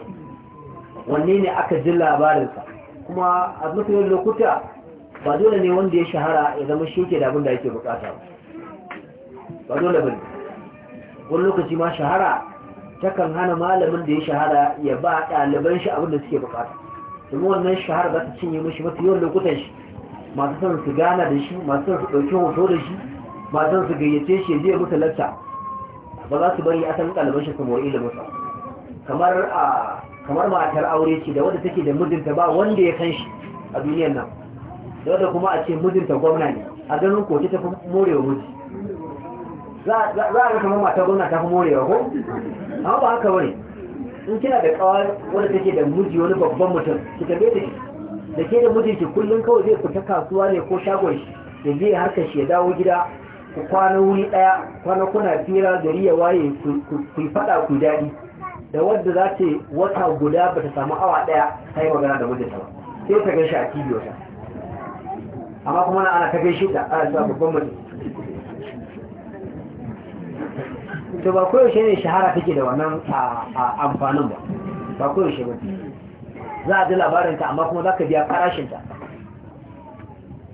wanne ne aka ji labarinsa kuma a mutane lokuta ba dole ne wanda ya shahara ya zama shi ke da abin da yake bukata ba dole ba wani lokaci ma shahara takan hana malamin da ya shahara ya ba ɗaliban shi abin da suke bukata domin wannan shahara za ta cinye mashi mafi yawan lokutan shi masu son su gana da shi masu son su ɗauki hoto da shi masu son su gayyace shi ya je musu lacca ba za su bari a san ɗaliban shi su mori ilimin sa kamar a kamar matar aure ce da wanda take da mijinta ba wanda ya san shi a duniyar nan da wanda kuma a ce mijinta gwamna ne a ganin ko ta fi morewa miji za a ga kamar matar gwamna ta fi morewa ko amma ba haka bane in kina da kawa wanda take da miji wani babban mutum ki tabe ta shi da ke da mijinki kullum kawai zai fita kasuwa ne ko shagon shi da zai harkar shi ya dawo gida ku kwana wuri daya kwana kuna fira gari ya waye ku fada ku daɗi da wadda za ce wata guda ba ta samu awa daya ta yi magana da mijinta ba sai ta gaishe a kibiyo ta amma kuma na ana ta gaishe ta ana sa babban mutum to ba koyaushe ne shahara take da wannan amfanin ba ba shi ba za a ji labarinta amma kuma za ka biya farashinta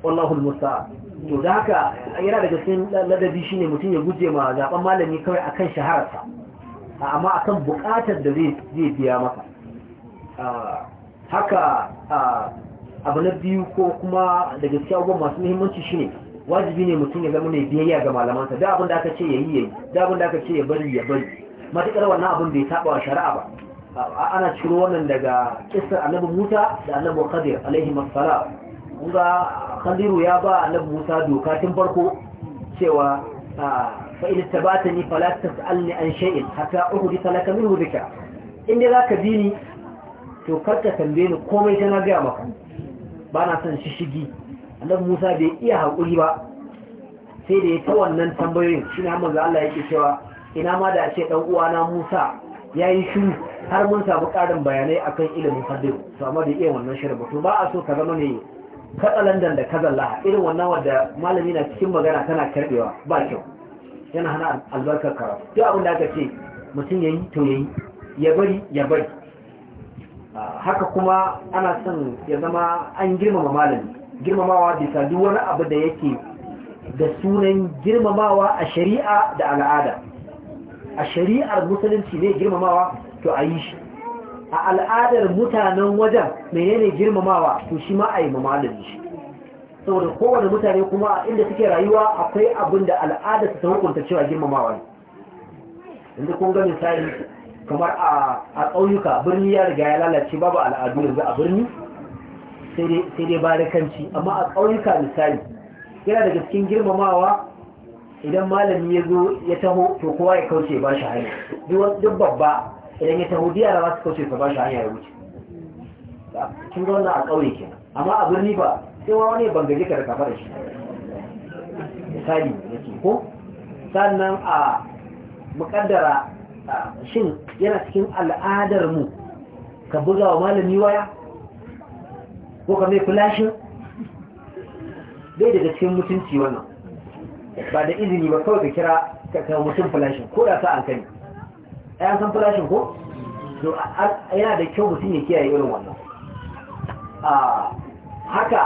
Allahul Musta'an to da haka yana da cikin ladabi shine mutum ya guje ma zaben malami kawai akan shahararsa amma akan bukatar da zai biya maka haka abu na biyu ko kuma da cikin abubuwan masu muhimmanci shine wajibi ne mutum ya zama mai biyayya ga malamansa da abin da aka ce ya yi ya yi da abin da aka ce ya bari ya bari matuƙar wannan abin bai taɓa wa shari'a ba ana ciro wannan daga kisar annabi musa da annabi kadir alaihi masala kun ga khadiru ya ba annabi Musa doka tun farko cewa fa in tabatani fala tas'alni an shay'in hatta uhdi talaka minhu dhikra in dai zaka bi ni to karka tambaye ni komai tana na ga maka ba na son shishigi annabi Musa bai iya hakuri ba sai da ya ta wannan tambayoyin shi ne hamman Allah yake cewa ina ma da ce dan uwana Musa yayi shiru har mun samu karin bayanai akan ilimin hadisi to amma da iya wannan shirin ba ba a so ka zama ne landan da kazalla irin wannan wadda malami na cikin magana tana karbewa ba kyau yana hana albarkar karatu duk abin da aka ce mutum yayi to yayi ya bari ya bari ah, haka kuma ana son ya zama an girmama malami girmamawa bisa duk wani abu da yake da sunan girmamawa a shari'a da al'ada a shari'ar musulunci ne girmamawa to a yi shi a al'adar mutanen wajen menene girmamawa to shi ma a yi mamalin shi saboda kowane mutane kuma inda suke rayuwa akwai abin da al'adar su ta hukunta cewa girmamawa ne inda kun ga misali kamar a ƙauyuka birni ya riga ya lalace babu al'adu yanzu a birni sai dai ba da barikanci amma a ƙauyuka misali yana daga cikin girmamawa idan malami ya zo ya taho to kowa ya kauce ba shi hanya duk babba idan ya taho diya da za su kauce su ba shi hanyar wuce kin ga wannan a ƙauye ke amma a birni ba sai wa wani bangaje ka da kafa shi misali ke ko sannan a mukaddara shin yana cikin al'adar mu ka buga wa malami waya ko ka mai flashin bai daga cikin mutunci wannan ba da izini ba kawai ka kira ka mutum flashin ko da ta an kani ya san farashin ko to yana da kyau mutum ya kiyaye irin wannan haka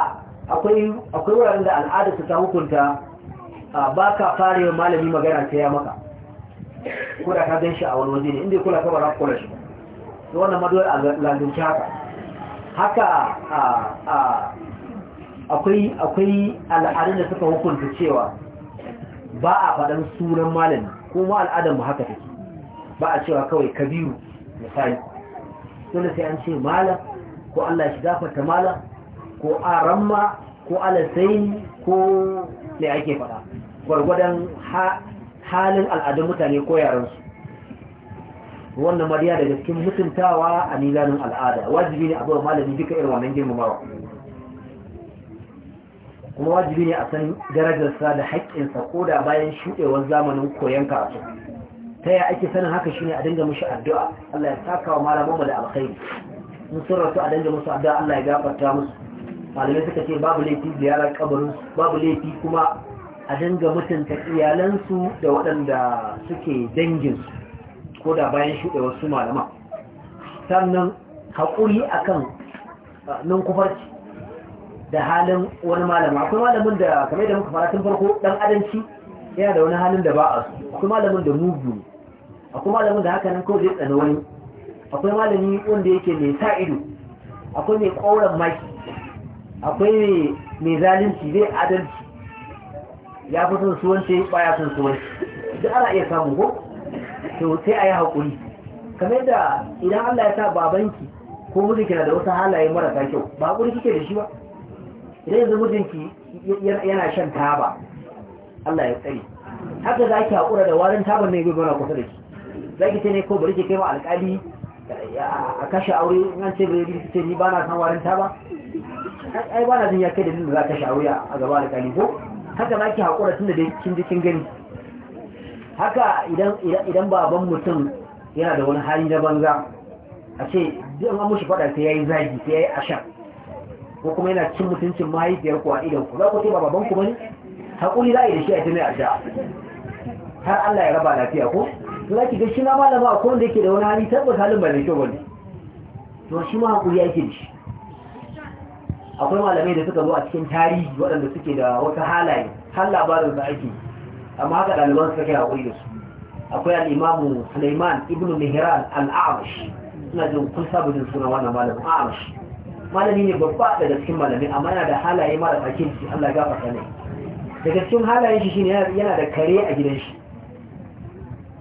akwai akwai wuraren da al'ada ta hukunta ba ka fara yin malami magana ta ya maka ko da ka gan shi a wani waje ne inda ya kula ka ba kula shi to wannan maduwar a lalunci haka haka akwai akwai al'adun da suka hukunta cewa ba a faɗin sunan malami kuma al'adar mu haka take ba a cewa kawai kabiru misali dole sai an ce mala ko Allah shi gafarta mala ko aramma ko alasaini ko me ake faɗa gwargwadon halin al'adun mutane ko yaransu wannan mariya daga cikin mutuntawa a nilanin al'ada wajibi ne a zuwa malami duka irin wannan girmamawa kuma wajibi ne a san darajarsa da haƙƙinsa ko da bayan shuɗewar zamanin koyon karatu ta ya ake sanin haka shi ne a dinga mushi addu'a Allah ya saka wa mu da alkhairi mun surratu a dinga musu addu'a Allah ya gafarta musu malamai suka ce babu laifi ziyarar kabarin babu laifi kuma a dinga mutunta iyalansu da waɗanda suke danginsu ko da bayan shuɗe wasu malama sannan hakuri akan nan kufarci da halin wani malama akwai malamin da kamar da muka fara tun farko ɗan adanci yana da wani halin da ba a su akwai malamin da mugu akwai malamin da haka nan kawai zai tsana wani akwai malami wanda yake mai sa ido akwai mai ƙauran maki akwai mai zalunci zai adalci ya fi son suwanci ya son suwanci duk ana iya samun ko to sai a yi haƙuri kamar yadda idan Allah ya sa babanki ko mijinki na da wasu halaye marasa kyau ba haƙuri kike da shi ba idan yanzu mijinki yana shan taba Allah ya tsare haka za ki haƙura da warin taban ne gobe na kusa da shi zaki ce ne ko bari ke kai wa alƙali a kashe aure nan ce bai ce ni ba na san warinta ba ai ba na jin ya kai da da za kashe aure a gaba alƙali ko haka za ki haƙura tun da dai kin ji kin gani haka idan idan baban mutum yana da wani hali na banza a ce duk an mushi faɗa sai yayi zagi sai yayi asha ko kuma yana cin mutuncin mahaifiyar ku a idan ku za ku ce ba baban ku bane hakuri za a yi da shi a a ja har Allah ya raba lafiya ko za ki ga shi ma malama a kowanne yake da wani hali tabbata halin ba mai kyau bane to shi ma hakuri yake da shi akwai malamai da suka zo a cikin tarihi waɗanda suke da wata halaye har labarin da ake amma haka ɗaliban suka kai hakuri da su akwai al'imamu suleiman ibn Mihran al suna ina jin kun saba jin suna wannan malamin A'mash malami ne babba daga cikin malami amma yana da halaye mara shi Allah ya gafarta ne daga cikin halayen shi shine yana da kare a gidan shi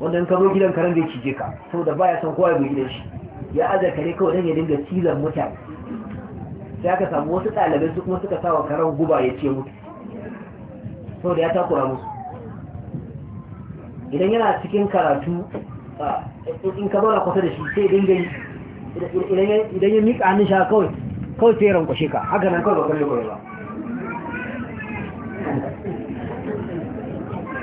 wanda in ka zo gidan karen bai cije ka saboda baya san kowa ya gidan shi ya aza kare kawai dan ya dinga cizar mutane sai aka samu wasu ɗalibai su kuma suka sa wa karen guba ya ce mutu saboda ya takura musu idan yana cikin karatu in ka zauna kusa da shi sai dinga yi idan ya miƙa hannun sha kawai kawai sai rankwashe ka haka nan kawai ba kare kawai ba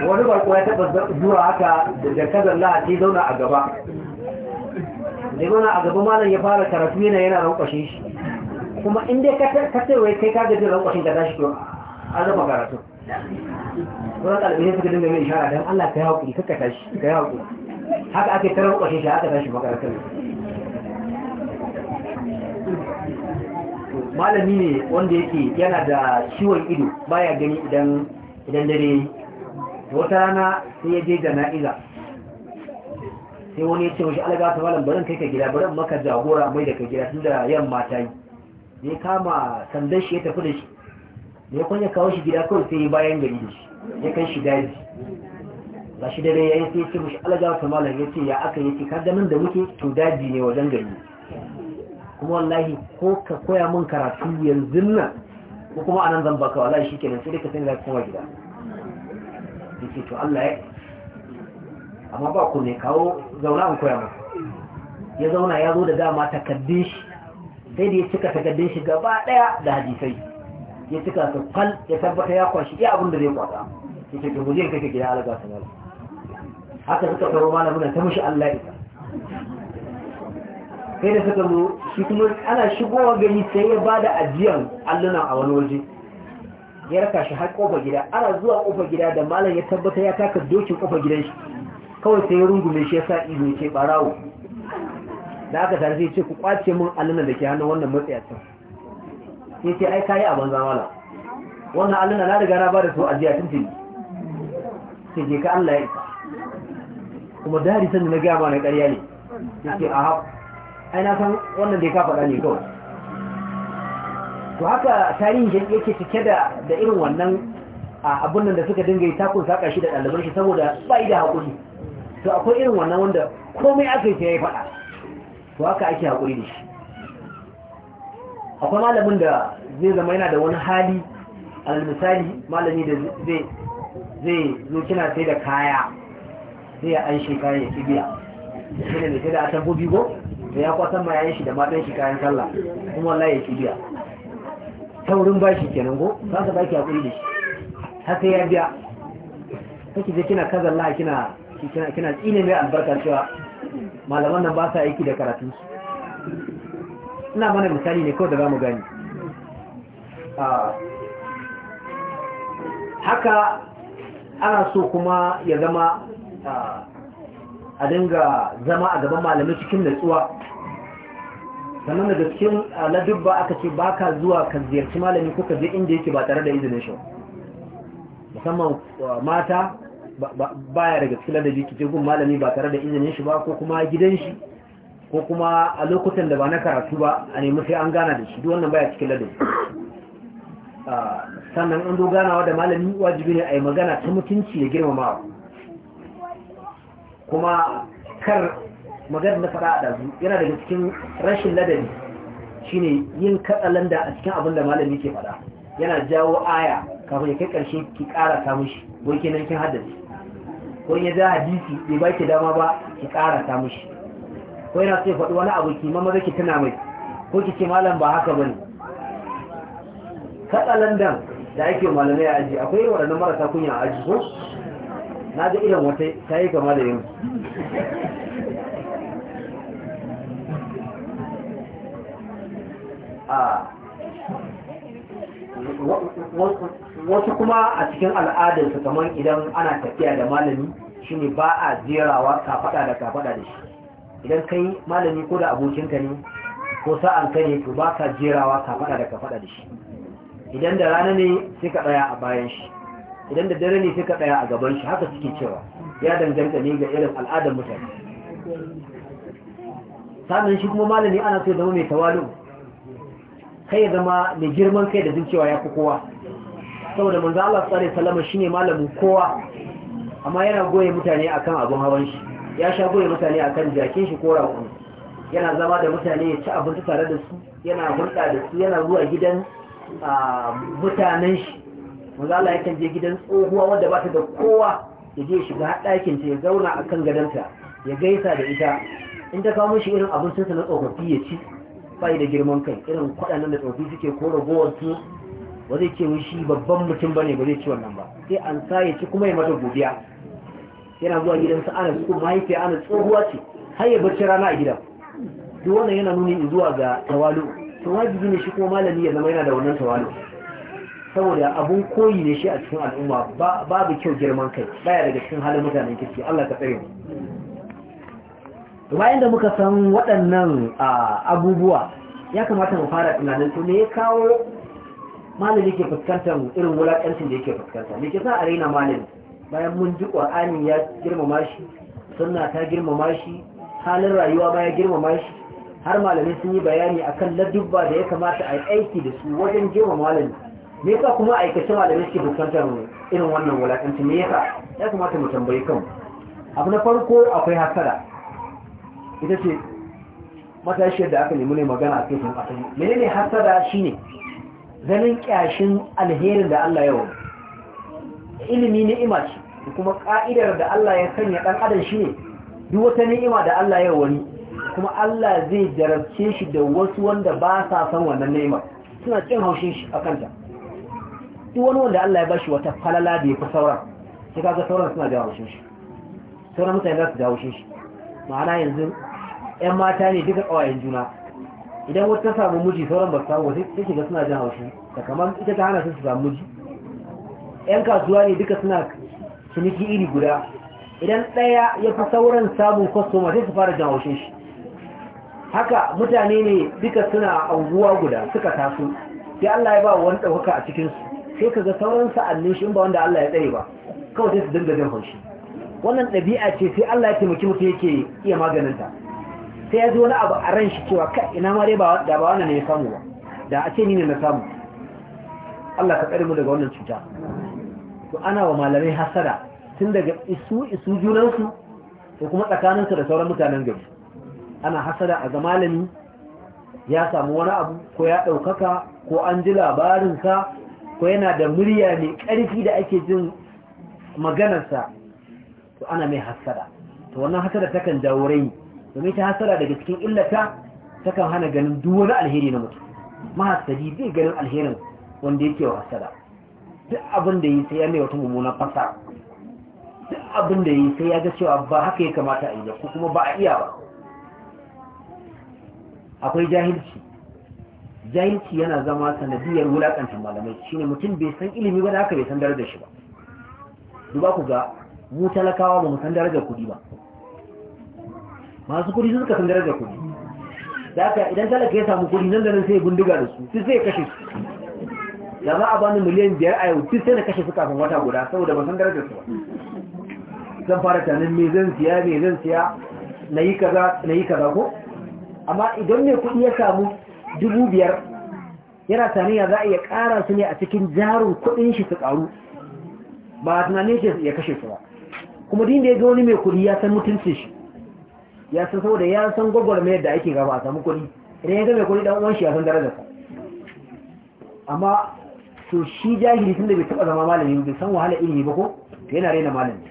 wani barko ya taba zuwa haka da kazan lahaci zauna a gaba da zauna a gaba malam ya fara karatu yana yana rankwashe shi kuma inda ka tsirwai kai ka gajin rankwashin ka tashi to an zama karatu wani ɗalibai suka dinga mai ishara don allah ka yi haƙuri kakka tashi ka yi haƙuri haka ake ta rankwashe shi haka tashi makarantar malami ne wanda yake yana da ciwon ido baya gani idan dare wata rana sai ya je jana'iza sai wani ya ce mashi alaga ta malam barin kai ka gida barin maka jagora mai da ka gida tun da yamma ta yi ya kama sandan shi ya tafi da shi ya kwanya kawo shi gida kawai sai bayan gari da shi ya kai shi daji ga shi dare ya yi sai ce mashi alaga ta malam ya ce ya aka yi ce ka ganin da muke to daji ne wajen gari kuma wallahi ko ka koya min karatu yanzu nan ko kuma anan zan baka wallahi shikenan sai dai ka sani za ka koma gida yake to Allah ya amma ba ku ne kawo zauna in koya maka ya zauna ya zo da dama takaddun shi sai da ya cika takaddun shi gaba daya da hadisai ya cika su fal ya tabbata ya kwashi iya abin da zai kwasa ya ce to zai kake gida alaga sanar haka suka faro malamin ta mushi Allah ita sai da suka zo shi kuma ana shigowa gari sai ya bada ajiyan allunan a wani waje ya raka shi har kofar gida ana zuwa kofar gida da malam ya tabbata ya taka dokin kofar gidan shi kawai sai ya rungume shi ya sa ido ya ce barawo da aka tare sai ce ku kwace min alluna da ke hannu wannan matsayacin sai ce ai kayi a banza mala wannan alluna na riga na ba da su tun tuni sai ke ka Allah ya isa kuma dari san na gaya ma na ƙarya ne sai ce a hau ai na san wannan da ya kafa faɗa ne kawai to haka tarihin yake cike da da irin wannan abun nan da suka dinga yi takun saka shi da ɗaliban shi saboda bai da haƙuri to akwai irin wannan wanda komai aka yi sai faɗa to haka ake haƙuri da shi akwai malamin da zai zama yana da wani hali alal misali malami da zai zai zo kina sai da kaya zai ya an shi ya kibiya shi ne sai da a tabbobi go da ya kwasan ma yi shi da matan shi kayan sallah kuma wallahi ya kibiya Ta wurin bashi kenan go za ka baki hakuri da shi haka ya biya kake je kina kazalla kina kina kina tsine mai albarka cewa malaman nan ba sa aiki da karatu ina mana misali ne kawai da zamu gani haka ana so kuma ya zama a dinga zama a gaban malamai cikin natsuwa sannan daga cikin ba aka ce ba ka zuwa ka ziyarci malami ko ka je inda yake ba tare da izinin shi musamman mata baya daga cikin ladabi ki je gun malami ba tare da izinin shi ba ko kuma gidan shi ko kuma a lokutan da ba na karatu ba a nemi sai an gana da shi duk wannan baya cikin ladabi sannan an zo ganawa da malami wajibi ne a yi magana ta mutunci ya girmamawa kuma kar magana na fara a ɗazu yana daga cikin rashin ladabi shine yin katsalanda a cikin abin da malami ke fada yana jawo aya kafin ya kai ƙarshe ki ƙara samun shi ke nan kin haddace ko ya ja hadisi bai ba ki dama ba ki ƙara samun shi ko yana so ya faɗi wani abu ki maza ki tana mai ko ki ce malam ba haka bane landan da ake malamai a aji akwai waɗannan marasa kunya a aji ko na ga irin wata ta yi kama da yin wasu kuma a cikin al'adarsu kamar idan ana tafiya da malami shi ne ba a jerawa kafaɗa da kafaɗa da shi idan kai malami ko da abokinka ne ko sa'an ka ne to ba ka jerawa kafaɗa da kafaɗa da shi idan da rana ne sai ka tsaya a bayan shi idan da dare ne sai ka tsaya a gaban shi haka suke cewa ya danganta ne ga irin al'adar mutane sannan shi kuma malami ana so zama mai tawalu kai ya zama mai girman kai da zincewa ya fi kowa saboda manzo Allah sallallahu alaihi wasallam shine malamin kowa amma yana goye mutane akan abun hawan shi ya sha goye mutane akan jakin shi ko rakun yana zama da mutane ya ci abinci tare da su yana hulɗa da su yana zuwa gidan mutanen shi manzo Allah yakan je gidan tsohuwa wanda ba ta da kowa ya je shiga ɗakin ta ya zauna akan gadonta ya gaisa da ita in ta kawo mishi irin abincinsa na tsofaffi ya ci bai da girman kai irin kwaɗannan da tsofi suke ko ragowar su ba zai ce shi babban mutum bane ba zai ci wannan ba sai an sa ya ci kuma ya mata godiya yana zuwa gidan sa ana su mahaifiya ana tsohuwa ce har ya barci rana a gidan duk wannan yana nuni zuwa ga tawalu to wajibi ne shi kuma malami ya zama yana da wannan tawalu saboda abun koyi ne shi a cikin al'umma babu kyau girman kai baya daga cikin halin mutanen kirki Allah ka tsare mu bayan da muka san waɗannan abubuwa ya kamata mu fara tunanin su ne ya kawo malami ke fuskantar irin wulaƙancin da yake fuskanta me ke sa a raina malami bayan mun ji ƙwa'ani ya girmama shi sunna ta girmama shi halin rayuwa ma ya girmama shi har malamai sun yi bayani akan ladubba da ya kamata a aiki da su wajen girmama malami me yasa kuma aikace malamai suke fuskantar irin wannan wulaƙancin me yasa ya kamata mu tambayi kanmu abu na farko akwai hasara ita ce matashiyar da aka nemi ne magana a cikin asali menene hasada ne ganin kyashin alherin da Allah ya wa ilimi ima ce kuma ka'idar da Allah ya sanya ɗan adam ne duk wata ni'ima da Allah ya wani kuma Allah zai jarabce shi da wasu wanda ba sa san wannan ni'imar suna cin haushin shi a kanta duk wani wanda Allah ya bashi wata falala da ya fi sauran sai kaga sauran suna da shi sauran mutane za su da shi ma'ana yanzu Ƴan mata ne duka ƙawayen juna idan wata ta samu miji sauran ba su samu wasu sai shiga suna jin haushi da kamar ita ta hana su su samu miji Ƴan kasuwa ne duka suna ciniki iri guda idan ɗaya ya fi sauran samun kwastoma sai su fara jin haushin shi haka mutane ne duka suna anguwa guda suka taso sai Allah ya ba wani ɗaukaka a cikinsu sai ka ga sauran sa'annin shi in ba wanda Allah ya tsare ba kawai sai su dinga jin haushi wannan ɗabi'a ce sai Allah ya taimaki mutum yake iya maganinta sai ya ji wani abu a ran shi cewa kai ina ma dai da ba wannan ne ya samu ba da a ce ni ne na samu Allah ka tsare mu daga wannan cuta to ana wa malamai hasara tun daga isu isu junansu to kuma su da sauran mutanen gari ana hasara a ga malami ya samu wani abu ko ya ɗaukaka ko an ji sa ko yana da murya mai karfi da ake jin maganarsa to ana mai hasara to wannan hasara takan jawo rai domin ta hasara daga cikin illata ta kan hana ganin duwani alheri na mutum mahasadi zai ganin alherin wanda yake wa hasara duk abin da yi sai ya mai wata mummunan fasa duk abin da yi sai ya ga cewa ba haka ya kamata a yi ko kuma ba a iya ba akwai jahilci jahilci yana zama sanadiyar wulakantar malamai shi ne mutum bai san ilimi ba da haka bai san darajar shi ba duba ku ga mu talakawa ba mu san darajar kuɗi ba masu kudi suka san da kudi da aka idan talaka ya samu kudi nan da nan sai bindiga da su sai sai kashe su da za a bani miliyan biyar a yau duk sai na kashe su kafin wata guda saboda ban san da su zan fara tanin me zan siya me zan siya na yi kaza na yi kaza ko amma idan mai kudi ya samu dubu biyar yana taniya za a iya ƙara su ne a cikin jarin kuɗin shi su ƙaru ba a tunanin shi ya kashe su ba kuma din da ya ga wani mai kudi ya san mutuncin shi ya san saboda ya san gwagwarmayar da ake gaba a samu kuɗi idan ya zama kuɗi dan uwan shi ya san darajar sa amma to shi jahili tunda bai taba zama malami bai san wahala ilimi ba ko yana raina malami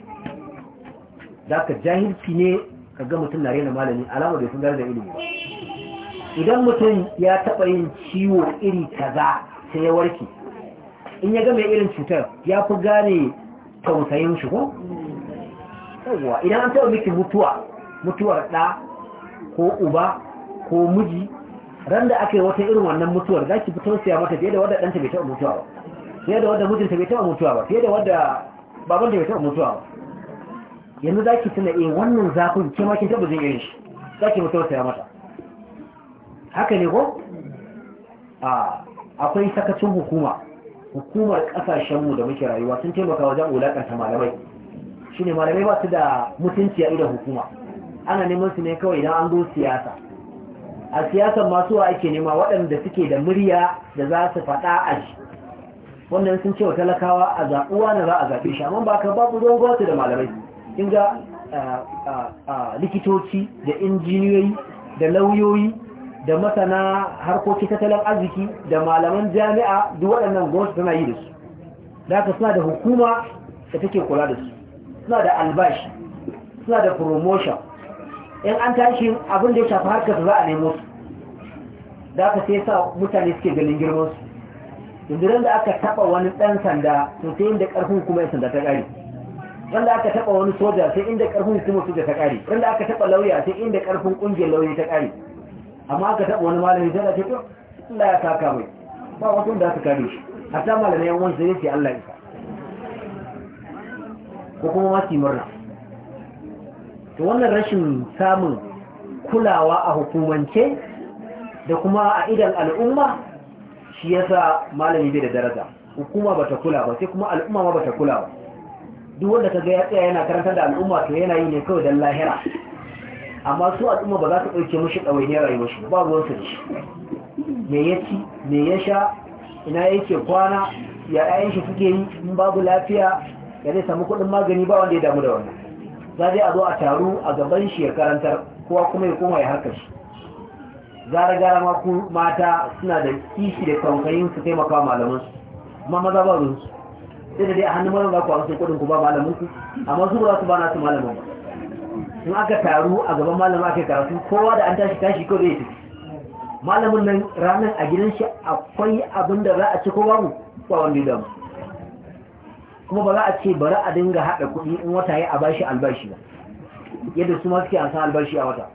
da ka jahilci ne ka ga mutum na raina malami alama bai san darajar ilimi ba idan mutum ya taba yin ciwo iri kaza sai ya warke in ya ga irin cutar ya fi gane tausayin shi ko yawwa idan an taba miki mutuwa mutuwar ɗa ko uba ko miji ran da aka yi wata irin wannan mutuwar za ki fito siya mata fiye da wadda ɗanta bai taɓa mutuwa ba fiye da wadda mijinta bai taɓa mutuwa ba fiye da wadda babanta bai taɓa mutuwa ba yanzu za ki tuna eh wannan zafin ke ma kin taɓa jin irin shi za ki fito siya mata haka ne ko a akwai sakacin hukuma hukumar ƙasashenmu da muke rayuwa sun taimaka wajen wulaƙanta malamai shine malamai ba su da mutunci a idan hukuma ana neman su ne kawai idan an zo siyasa a siyasar masu wa ake nema waɗanda suke da murya da za su faɗa a shi wannan sun ce wa talakawa a zaɓuwa na za a zaɓe shi amma ba ka babu don gwatu da malamai in ga likitoci da injiniyoyi da lauyoyi da masana harkoki tattalin arziki da malaman jami'a duk waɗannan gwamnati tana yi da su da haka suna da hukuma da take kula da su suna da albashi suna da promotion in an tashi abin da ya shafi harkar za a nemo su da aka sai sa mutane suke ganin girman su yanzu da aka taba wani dan sanda to sai inda karfin kuma ya sanda ta kare da aka taba wani soja sai inda karfin kuma su ta kare da aka taba lauya sai inda karfin kungiyar lauya ta kare amma aka taba wani malami sai da ce to Allah ya saka mai ba wasu da aka kare shi hatta malamai yan wanzu sai Allah ya saka ko kuma ma murna to wannan rashin samun kulawa a hukumance da kuma a idan al'umma shi yasa malami bai da daraja hukuma ba ta kula ba sai kuma al'umma ma ba ta kula ba duk wanda ka ga ya tsaya yana karanta da al'umma to yana yi ne kawai don lahira amma su al'umma ba za ta ɗauke mashi ɗawainiyar rayuwar shi ba ruwansa da shi me ya ci me ya sha ina yake kwana ya 'ya'yan shi suke yi in babu lafiya ya zai samu kuɗin magani ba wanda ya damu da wannan za zai a zo a taru a gaban shi ya karantar kowa kuma ya koma ya harkar shi gara gara ma ku mata suna da kishi da kankanin su taimaka malaman su amma maza ba ruwan su sai da dai a hannun malam za ku amsa kudin ku ba malamin ku amma su ba su ba na su malamin ba in aka taru a gaban malam aka karatu kowa da an tashi tashi ko zai tafi malamin nan ranar a gidan shi akwai abin da za a ci ko babu ba wanda ya damu kuma ba za a ce bari a dinga haɗa kuɗi in wata ya a bashi albashi ba yadda su ma suke an san albashi a wata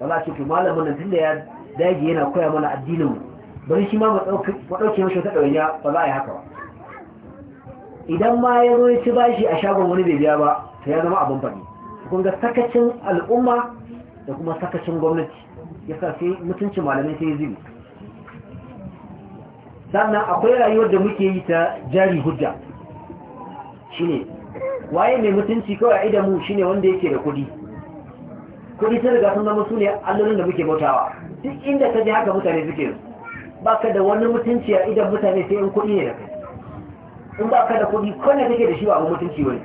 ba za a ce to malamin nan tunda ya dage yana koya mana addinin mu bari shi ma mu ɗauke mashi wata ɗawainiya ba za a yi haka ba idan ma ya zo ya ci bashi a shagon wani bai biya ba to ya zama abin faɗi kun ga sakacin al'umma da kuma sakacin gwamnati ya sa sai mutuncin malamai sai zubi sannan akwai rayuwar da muke yi ta jari hujja ne waye mai mutunci kawai a idanmu shine wanda yake da kuɗi kuɗi ta riga sun zama su ne allolin da muke bautawa duk inda ka haka mutane suke ba ka da wani mutunci a idan mutane sai in kuɗi ne da kai in ba ka da kuɗi kone kake da shi ba mu mutunci wani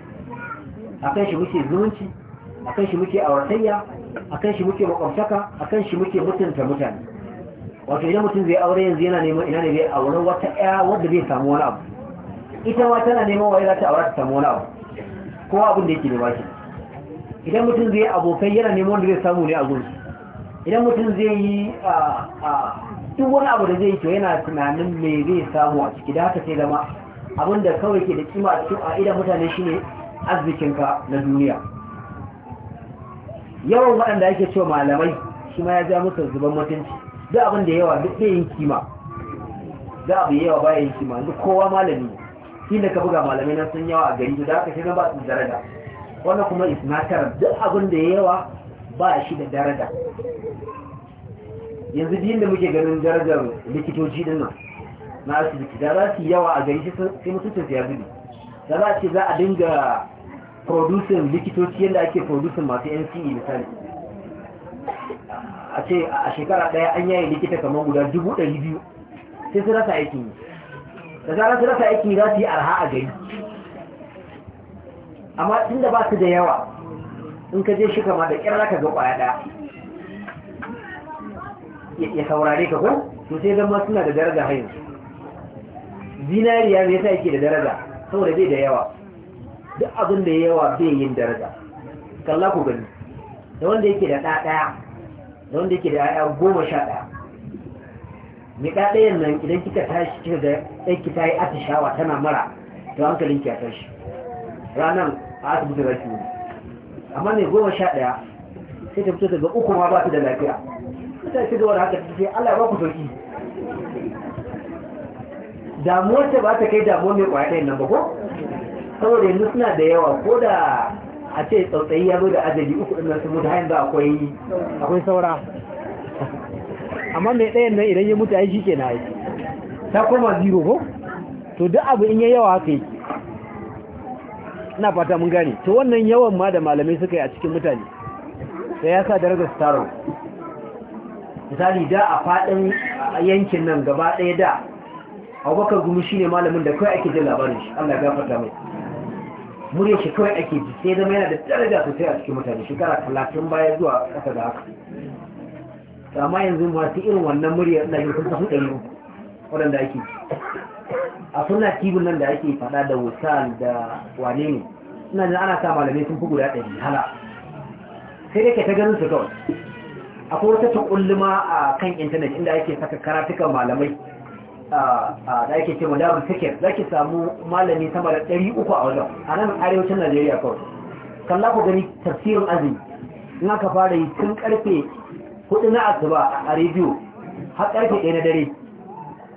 akan shi muke zumunci akan shi muke a akan shi muke makwabtaka akan shi muke mutunta mutane wato idan mutum zai aure yanzu yana neman ina ne zai aure wata ƴa wadda zai samu wani abu ita ma tana neman waye za ta aura ta samu wani abu kowa abin da yake ne baki idan mutum zai abokai yana neman wanda zai samu ne a gunsu idan mutum zai yi a duk wani abu da zai yi to yana tunanin me zai samu a ciki da haka sai zama abin da kawai ke da kima a cikin a idan mutane shine arzikinka na duniya yawan waɗanda ake cewa malamai shi ma ya ja musu zuban mutunci duk abin da yawa duk yin kima za abu yawa bayan kima duk kowa malami inda ka buga malamai na sun yawa a gari guda ka shiga ba su daraja wannan kuma isnatar duk abin da yawa ba shi da daraja yanzu biyun da muke ganin darajar likitoci din nan na asibiti da za su yawa a gari shi sai mutuncin su ya zubi da za a ce za a dinga producing likitoci yadda ake producing masu nce misali a ce a shekara daya an yaye likita kamar guda dubu ɗari biyu sai su rasa aikin da zarar su rasa aiki za su yi arha a gari amma tun da ba su da yawa in ka je shi kama da ƙyar ka ga ƙwaya ɗaya ya saurare ka ko to sai zama suna da daraja hayin zinariya mai yasa yake da daraja saboda bai da yawa duk abin da yawa bai yin daraja kalla ku gani da wanda yake da ɗaya da wanda yake da ɗaya goma sha ɗaya miƙa ɗayan nan idan kika tashi kika da ɗanki ta yi atishawa tana mara to hankalin ki a tashi ranar a asibiti rashi ne amma mai goma sha ɗaya sai ta fito daga uku ma ba su da lafiya mutane su gaba wani haka ta ce allah ba ku sauki damuwar ta ba ta kai damuwar mai ƙwaya ɗayan nan ba ko saboda yanzu suna da yawa ko da a ce tsautsayi ya zo da ajali uku ɗin nan sun mutu hanyar da akwai saura amma mai ɗayan nan idan ya mutu ya shi ke na haiti ta koma zero ko to duk abu in yi yawa haka yi ina fata mun gane to wannan yawan ma da malamai suka yi a cikin mutane da ya sa darajar su taron misali da a faɗin yankin nan gaba ɗaya da abubakar gumi shi ne malamin da kawai ake jin labarin shi allah ya gafarta mai murya shi kawai ake ji sai zama yana da daraja sosai a cikin mutane shekara talatin baya zuwa ƙasa da haka amma yanzu masu irin wannan murya da yin sun tafi ɗari waɗanda ake a suna tibin nan da ake fada da wutan da wane ne ina jin ana sa malamai sun fi guda ɗari hala sai dai ke ta ganin su kawai akwai wata tukulluma a kan intanet inda ake saka karatukan malamai da ake ce malabar sikir za ki samu malami sama da ɗari uku a wajen a nan arewacin najeriya kawai kalla ku gani tafsirin azumi in aka fara yi tun karfe hudu na asuba a rediyo har karfe ɗaya na dare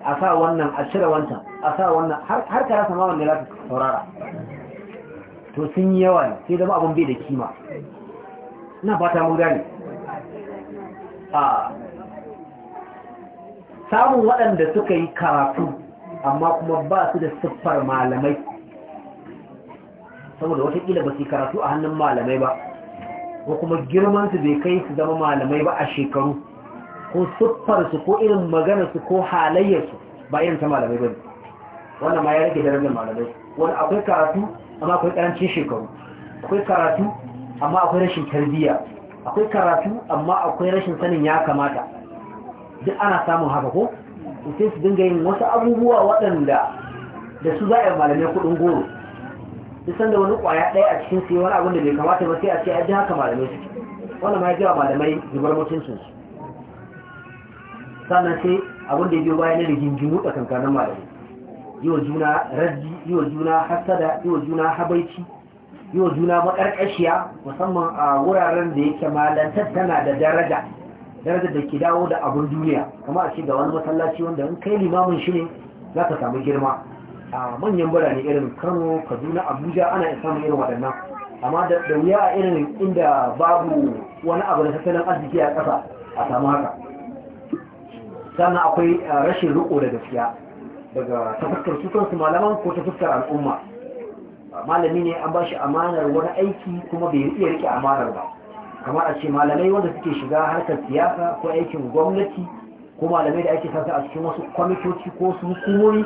a sa wannan a cire wancan a sa wannan har ka rasa ma wanda za ka saurara to sun yi yawa ne sai zama abin bai da kima na fata muda gane a samun waɗanda suka yi karatu amma kuma ba su da siffar malamai saboda watakila ba su yi karatu a hannun malamai ba ko kuma girmansu bai kai su zama malamai ba a shekaru ko siffarsu ko irin maganarsu ko halayyarsu ba irin ta malamai ba ne wannan ma ya rike darajar malamai wani akwai karatu amma akwai karancin shekaru akwai karatu amma akwai rashin tarbiyya akwai karatu amma akwai rashin sanin ya kamata duk ana samun haka ko sai su dinga yin wasu abubuwa waɗanda da su za yi malamai kuɗin goro duk da wani kwaya ɗaya a cikin sai wani abin da bai kamata ba sai a ce a ji haka malamai su wannan ma ya jawa malamai zubar mutuncin su sannan sai abin da ya biyo bayan na da tsakankanin malamai yiwa juna raddi yiwa juna hasada yiwa juna habaici yiwa juna maƙarƙashiya musamman a wuraren da yake malantar tana da daraja daraja da ke dawo da abin duniya kamar a ce ga wani masallaci wanda in kai limamin shi ne za ka samu girma a manyan birane irin kano kaduna abuja ana samun irin waɗannan amma da wuya a irin inda babu wani abu da tattalin arziki a ƙasa a samu haka sannan akwai eh, rashin riko da gaskiya daga ta fuskar su kansu malaman ko ta al'umma malami ne an ba shi amanar wani aiki kuma bai iya rike amanar ba kamar a ce malamai wanda suke shiga harkar siyasa ko aikin gwamnati ko malamai da ake sasa a cikin wasu kwamitoci ko su hukumomi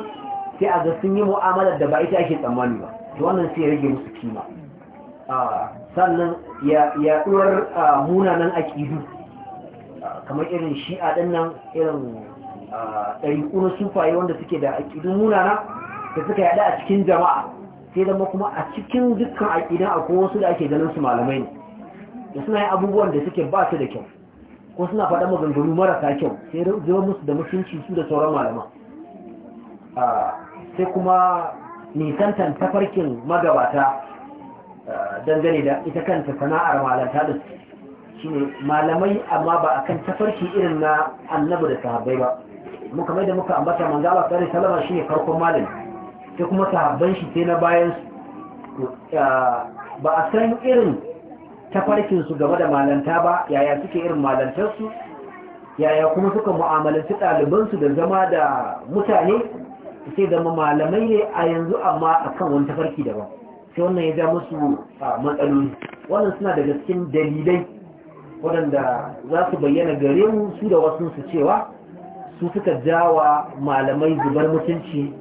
sai a ga sun yi mu'amalar da ba ita ake tsammani ba to wannan sai ya rage musu kima sannan yaɗuwar munanan aƙidu kamar irin shi'a ɗan nan irin ɗariƙu na sufaye wanda suke da aƙidun munana da suka yaɗa a cikin jama'a sai zama kuma a cikin dukkan aƙidan akwai wasu da ake ganin su malamai ne da suna yin abubuwan da suke ba su da kyau ko suna faɗa maganganu marasa kyau sai zama musu da mutunci su da sauran malama sai kuma nisantan tafarkin magabata eh, dangane da ita kanta sana'ar malanta da malamai amma ba a kan tafarki irin na annabu da sahabbai ba muka mai da muka ambata manzo Allah sallallahu alaihi wasallam shine farkon malam, sai kuma sahabban shi sai na bayan su eh, ba a san irin tafarkinsu su game da malanta ba yaya suke irin malantar yaya kuma suka mu'amalanci ɗalibansu da zama da mutane sai zama malamai ne a yanzu amma akan wani tafarki daban sai wannan ya ja musu matsaloli wannan suna da cikin dalilai waɗanda za su bayyana gare mu su da wasu su cewa su suka jawa malamai zubar mutunci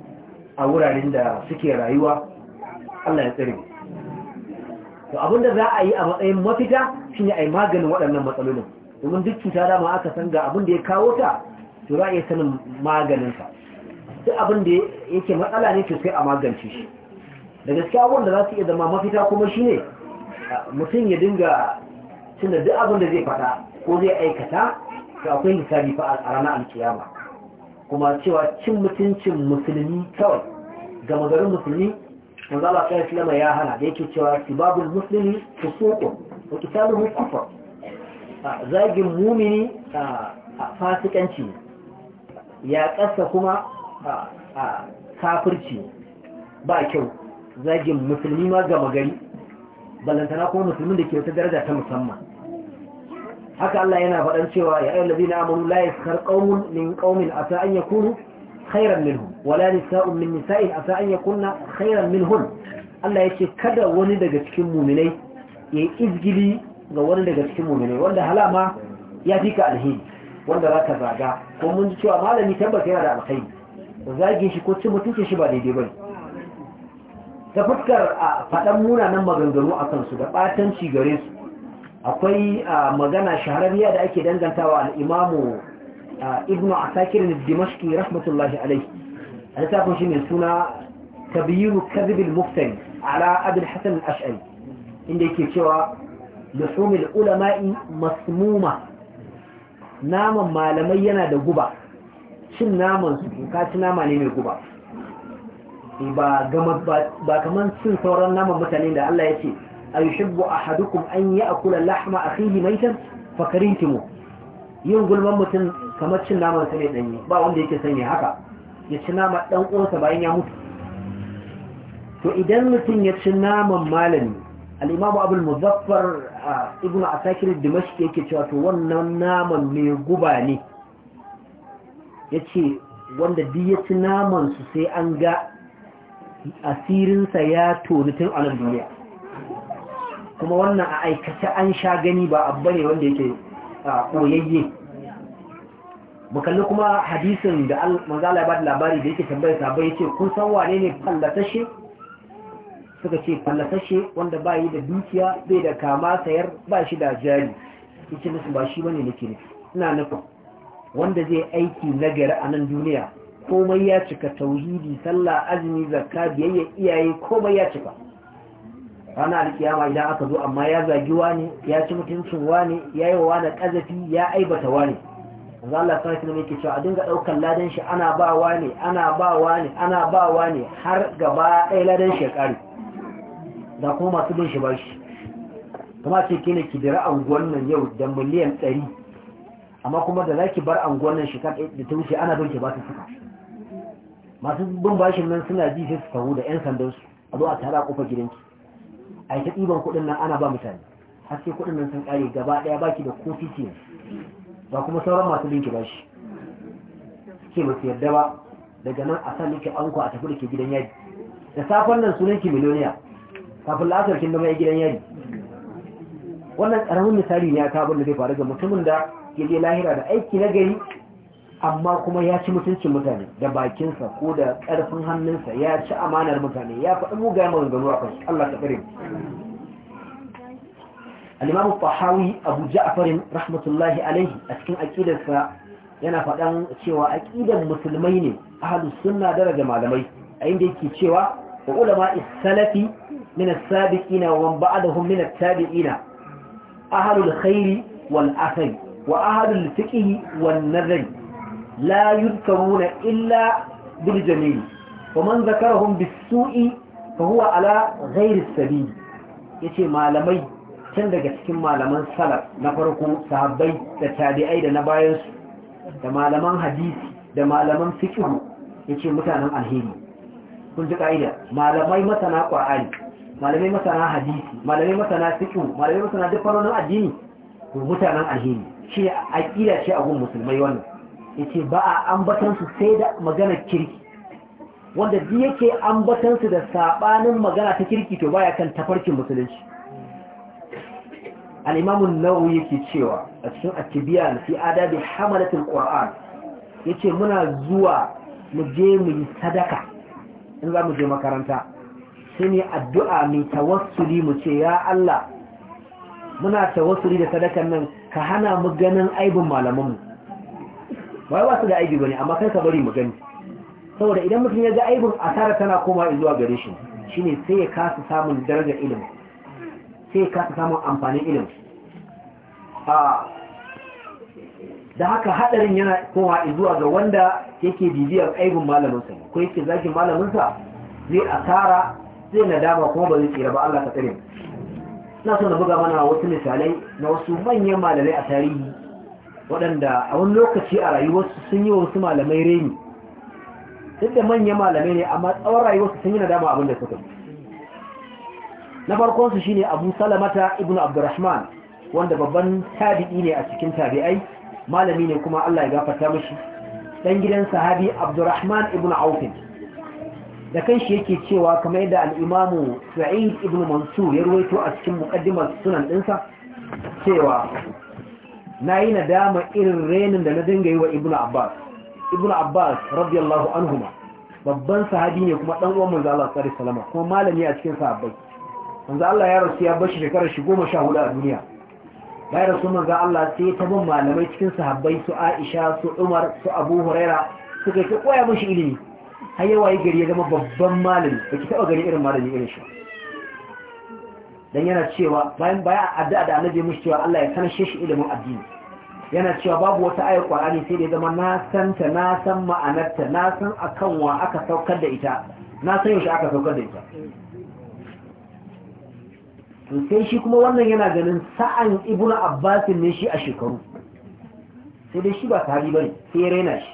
a wuraren da suke rayuwa Allah ya tsare to abinda za a yi a matsayin mafita shine a yi maganin waɗannan matsalolin domin duk cuta dama aka san ga abin da ya kawo ta to za a iya sanin maganinsa duk abin da yake matsala ne ke sai a magance shi da gaskiya wanda za su iya zama mafita kuma shi ne mutum ya dinga cin da duk abin da zai faɗa ko zai aikata ta akwai hisabi fa a ranar alkiyama kuma cewa cin mutuncin musulmi kawai gama garin musulmi manzo Allah sai ya hana da yake cewa sibabul muslimi fusuqun wa qitaluhu kufr zagin mumini fasikanci ya kasa kuma a kafirci ba kyau zagin musulmi ma gama gari ballantana kuma musulmin da ke wata daraja ta musamman haka Allah yana faɗan cewa ya ayyul na amanu la yaskar qaumun min qaumin ya an yakunu khairan hun, wala nisa'un min nisa'in asa an yakunna khairan hun. Allah ce kada wani daga cikin mu'minai yi izgili ga wani daga cikin mu'minai wanda halama ya fi ka alheri wanda zaka zaga ko mun ji cewa malami tabbata yana da alkhairi zagi shi ko cin mutuncin shi ba daidai bane ta fuskar a faɗan munanan maganganu a kansu da ɓatanci gare su akwai magana shahararriya da ake dangantawa al'imamu ibnu asakirin dimashki rahmatullahi alaihi a littafin shi mai suna kabiru kazibin muftari ala abin hassan ash'ari inda yake cewa lusumin ulama'i masmuma naman malamai yana da guba cin naman su ka ci nama ne mai guba ba kaman cin sauran naman mutane da Allah ya ce a ahadukum an ya'kula lahma akhihi maitan fakarintimu yin gulman mutum kamar cin naman sa ne danye ba wanda yake sanya haka ya ci nama ɗan uwansa bayan ya mutu to idan mutum ya ci naman malami al-imam abul muzaffar ibnu asakir dimashq yake cewa to wannan naman mai guba ne ya ce wanda duk ya ci namansu sai an ga asirinsa ya toni tun a nan duniya kuma wannan a aikace an sha gani ba abu ne wanda yake mu kalli kuma hadisin da manzala ba da labari da yake tambayar sabai ya ce kun san wane ne fallatashe suka ce fallatashe wanda ba yi da dukiya bai da kama sayar ba shi da jari ya ce nasu ba shi wane nake nufi ina nufin wanda zai aiki na nagari a nan duniya komai ya cika tauhidi sallah azumi zakka biyayya iyaye komai ya cika rana alkiyama idan aka zo amma ya zagi wani ya ci mutuncin wani ya yi wa wani kazafi ya aibata wani yanzu Allah sarki ne yake cewa a dinga daukar ladan shi ana ba wani ana ba wani ana ba wani har gaba ɗaya ladan shi ya kare da kuma masu bin shi ba shi kuma ce kina ki dira anguwan nan yau da miliyan ɗari amma kuma da zaki bar anguwan shekar da ta wuce ana bin ki ba ta suka masu bin bashin nan suna ji sai su kawo da yan sandan su a zo a tare a kofar gidanki a yi ta ɗiban kuɗin nan ana ba mutane haske kuɗin nan sun ƙare gaba ɗaya baki da kofi titi ba kuma sauran masu bin ki bashi ke ba yarda ba daga nan a san miki anko a tafi da ke gidan yari da safon nan sunan ki miliyoniya kafin la'asar kin mai gidan yari wannan ƙaramin misali ne a kabin da zai faru ga mutumin da ya je lahira da aiki na gari amma kuma ya ci mutuncin mutane da bakinsa ko da ƙarfin hannunsa ya ci amanar mutane ya faɗi mugayen maganganu a kan Allah ta kare al-imamu fahawi abu rahmatullahi alaihi a cikin aƙidarsa yana faɗan cewa aƙidar musulmai ne ahlus sunna daraja malamai a inda yake cewa wa ulama is-salafi min as-sabiqina wa man ba'dahum min at-tabi'ina ahlul khairi wal athari wa ahadul fiqhi wan nazari la yuzkaruna illa bil jamil wa man zakarahum bis su'i huwa ala ghairi ya yace malamai can daga cikin malaman salaf na farko sahabbai da tabi'ai da na bayan da malaman hadisi da malaman fiqh yace mutanen alheri kun ji kaida malamai masana qur'ani malamai masana hadisi malamai masana fiqh malamai masana duk fannonin addini mutanen alheri ce aƙida ce a musulmai wannan ya ce ba a ambatansu sai da maganar kirki wanda duk yake ambatansu da saɓanin magana ta kirki to baya kan tafarkin musulunci al'imamun nawo yake cewa a cikin atibiya fi adabi hamalatin ƙwar'an ya ce muna zuwa mu je mu yi sadaka in za mu je makaranta sai ne addu'a mai tawassuli mu ce ya Allah muna tawassuli da sadakan nan ka hana mu ganin aibin malamanmu bai ba su da aibi bane amma kai ka bari mu gani saboda idan mutum ya ga aibin asara tana koma zuwa gare shi shine sai ya kasa samun darajar ilimi sai ya kasa samun amfanin ilimi a da haka hadarin yana koma zuwa ga wanda yake bibiyar aibin malaminsa ko yake zaki malaminsa zai asara zai nadama kuma ba zai tsira ba Allah ka tsare mu na so na buga mana wasu misalai na wasu manyan malamai a tarihi waɗanda a wani lokaci a rayuwarsu sun yi wasu malamai reni duk da manyan malamai ne amma tsawon rayuwarsu sun yi nadama abin da suka yi na farkonsu shine abu salamata ibn abdurrahman wanda babban tabi'i ne a cikin tabi'ai malami ne kuma allah ya gafarta mashi dan gidan sahabi abdurrahman ibn aufin da kan shi yake cewa kamar yadda al'imamu sa'id ibn mansur ya ruwaito a cikin mukaddimar sunan dinsa? cewa na yi nadama irin renin da na dinga yi wa ibn abbas ibn abbas radiyallahu anhuma babban sahabi ne kuma ɗan uwan manzo Allah sallallahu alaihi kuma malami a cikin sahabbai manzo Allah ya rasu ya bar shi shekarar shi goma sha hudu a duniya ya rasu manzo Allah sai ta bin malamai cikin sahabbai su Aisha su Umar su Abu Huraira suka ta koya mishi ilimi har wa yi gari ya zama babban malami da ke taɓa gari irin malami irin shi Don yana cewa bayan baya addu'a da annabi mushi cewa Allah ya sanashe shi ilimin addini yana cewa babu wata ayar Qur'ani sai da ya zama na san ta na san ma'anarta na san akan wa aka saukar da ita na san yaushe aka saukar da ita sai shi kuma wannan yana ganin sa'an Ibnu Abbas ne shi a shekaru sai dai shi ba ba ne sai ya raina shi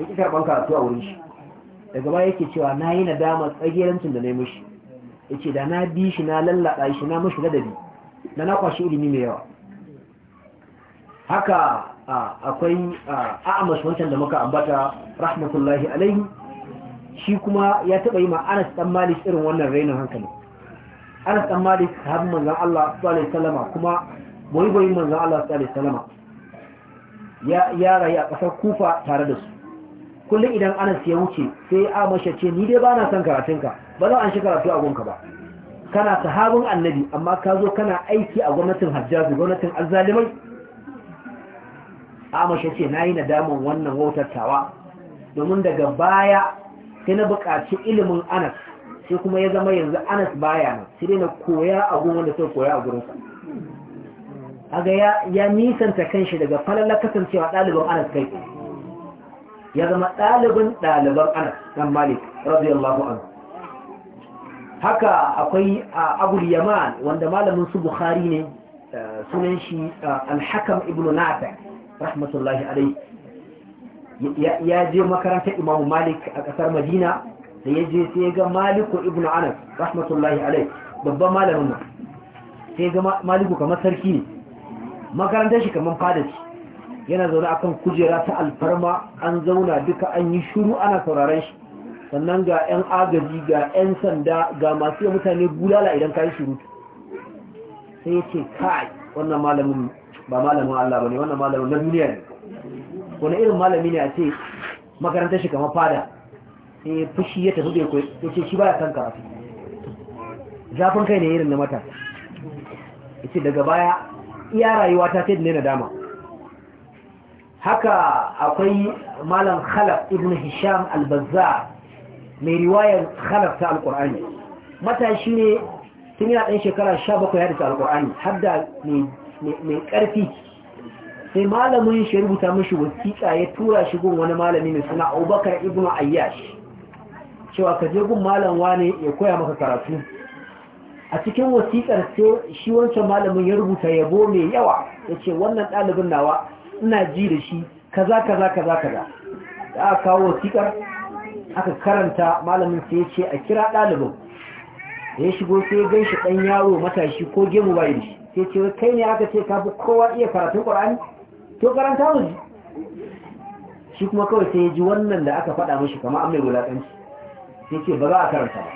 ya ƙi karban karatu a wurin shi daga baya yake cewa na yi nadama tsagerancin da na yi mushi ya ce da na bi shi na lallaɓa shi na mushi ladabi da na kwashi ilimi mai yawa haka akwai a'amas wancan da muka ambata rahmatullahi alaihi shi kuma ya taɓa yi ma ɗan malik irin wannan rainin hankali anas ɗan malik har manzan allah sallallahu salama kuma boyi boyi manzan allah sallallahu salama ya rayu a ƙasar kufa tare da su kullum idan anas ya wuce sai a masha ce ni dai ba na son karatunka ba za an shi karatu a gunka ba kana sahabin annabi amma ka zo kana aiki a gwamnatin hajjazu gwamnatin azzalimai a ce na yi nadamun wannan wautattawa domin daga baya sai na buƙaci ilimin anas sai kuma ya zama yanzu anas baya nan sai dai na koya a gun wanda sai koya a gurinsa aga ya nisanta kanshi daga falalla kasancewa ɗaliban anas kai ya zama ɗalibin ɗaliban anas dan malik radiyallahu an haka akwai abul yaman wanda malamin su bukhari ne sunan shi alhakam ibn nata rahmatullahi alai ya je makarantar imam malik a kasar madina da ya je sai ga maliku ibnu anas rahmatullahi alai babban malamin nan sai ga maliku kamar sarki ne makarantar shi kamar fada yana zaune a kan kujera ta alfarma an zauna duka an yi shuru ana sauraron shi sannan ga 'yan agaji ga 'yan sanda ga masu mutane bulala idan ka yi shuru sai ya ce kai wannan malamin ba malamin Allah ba ne wannan malamin na duniya ne wani irin malami ne a ce makarantar shi kama fada sai ya fushi ya tafi bai kwai ya ce shi baya kan karatu zafin kai ne irin na mata ya ce daga baya iya rayuwa ta sai da ne na dama haka akwai malam khalaf ibn hisham al-bazza mai riwayar khalaf ta alkur'ani matashi ne tun yana ɗan shekara 17 ya rika alkur'ani hadda mai ƙarfi sai malamin shi rubuta mashi wasiƙa ya tura shi gun wani malami mai suna abubakar ibn ayyash cewa ka je gun malam wane ya koya maka karatu a cikin wasiƙar sai shi wancan malamin ya rubuta yabo mai yawa ya ce wannan ɗalibin nawa ina ji da shi kaza kaza kaza kaza da aka kawo wasiƙar aka karanta malamin sai ya ce a kira ɗalibin da ya shigo sai ya gaishe shi ɗan yaro matashi ko gemu ba shi sai ce kai ne aka ce ka fi kowa iya karatun ƙwar'ani to karanta mu shi kuma kawai sai ya ji wannan da aka faɗa mashi kama an mai wulaƙanci sai ce ba za a karanta ba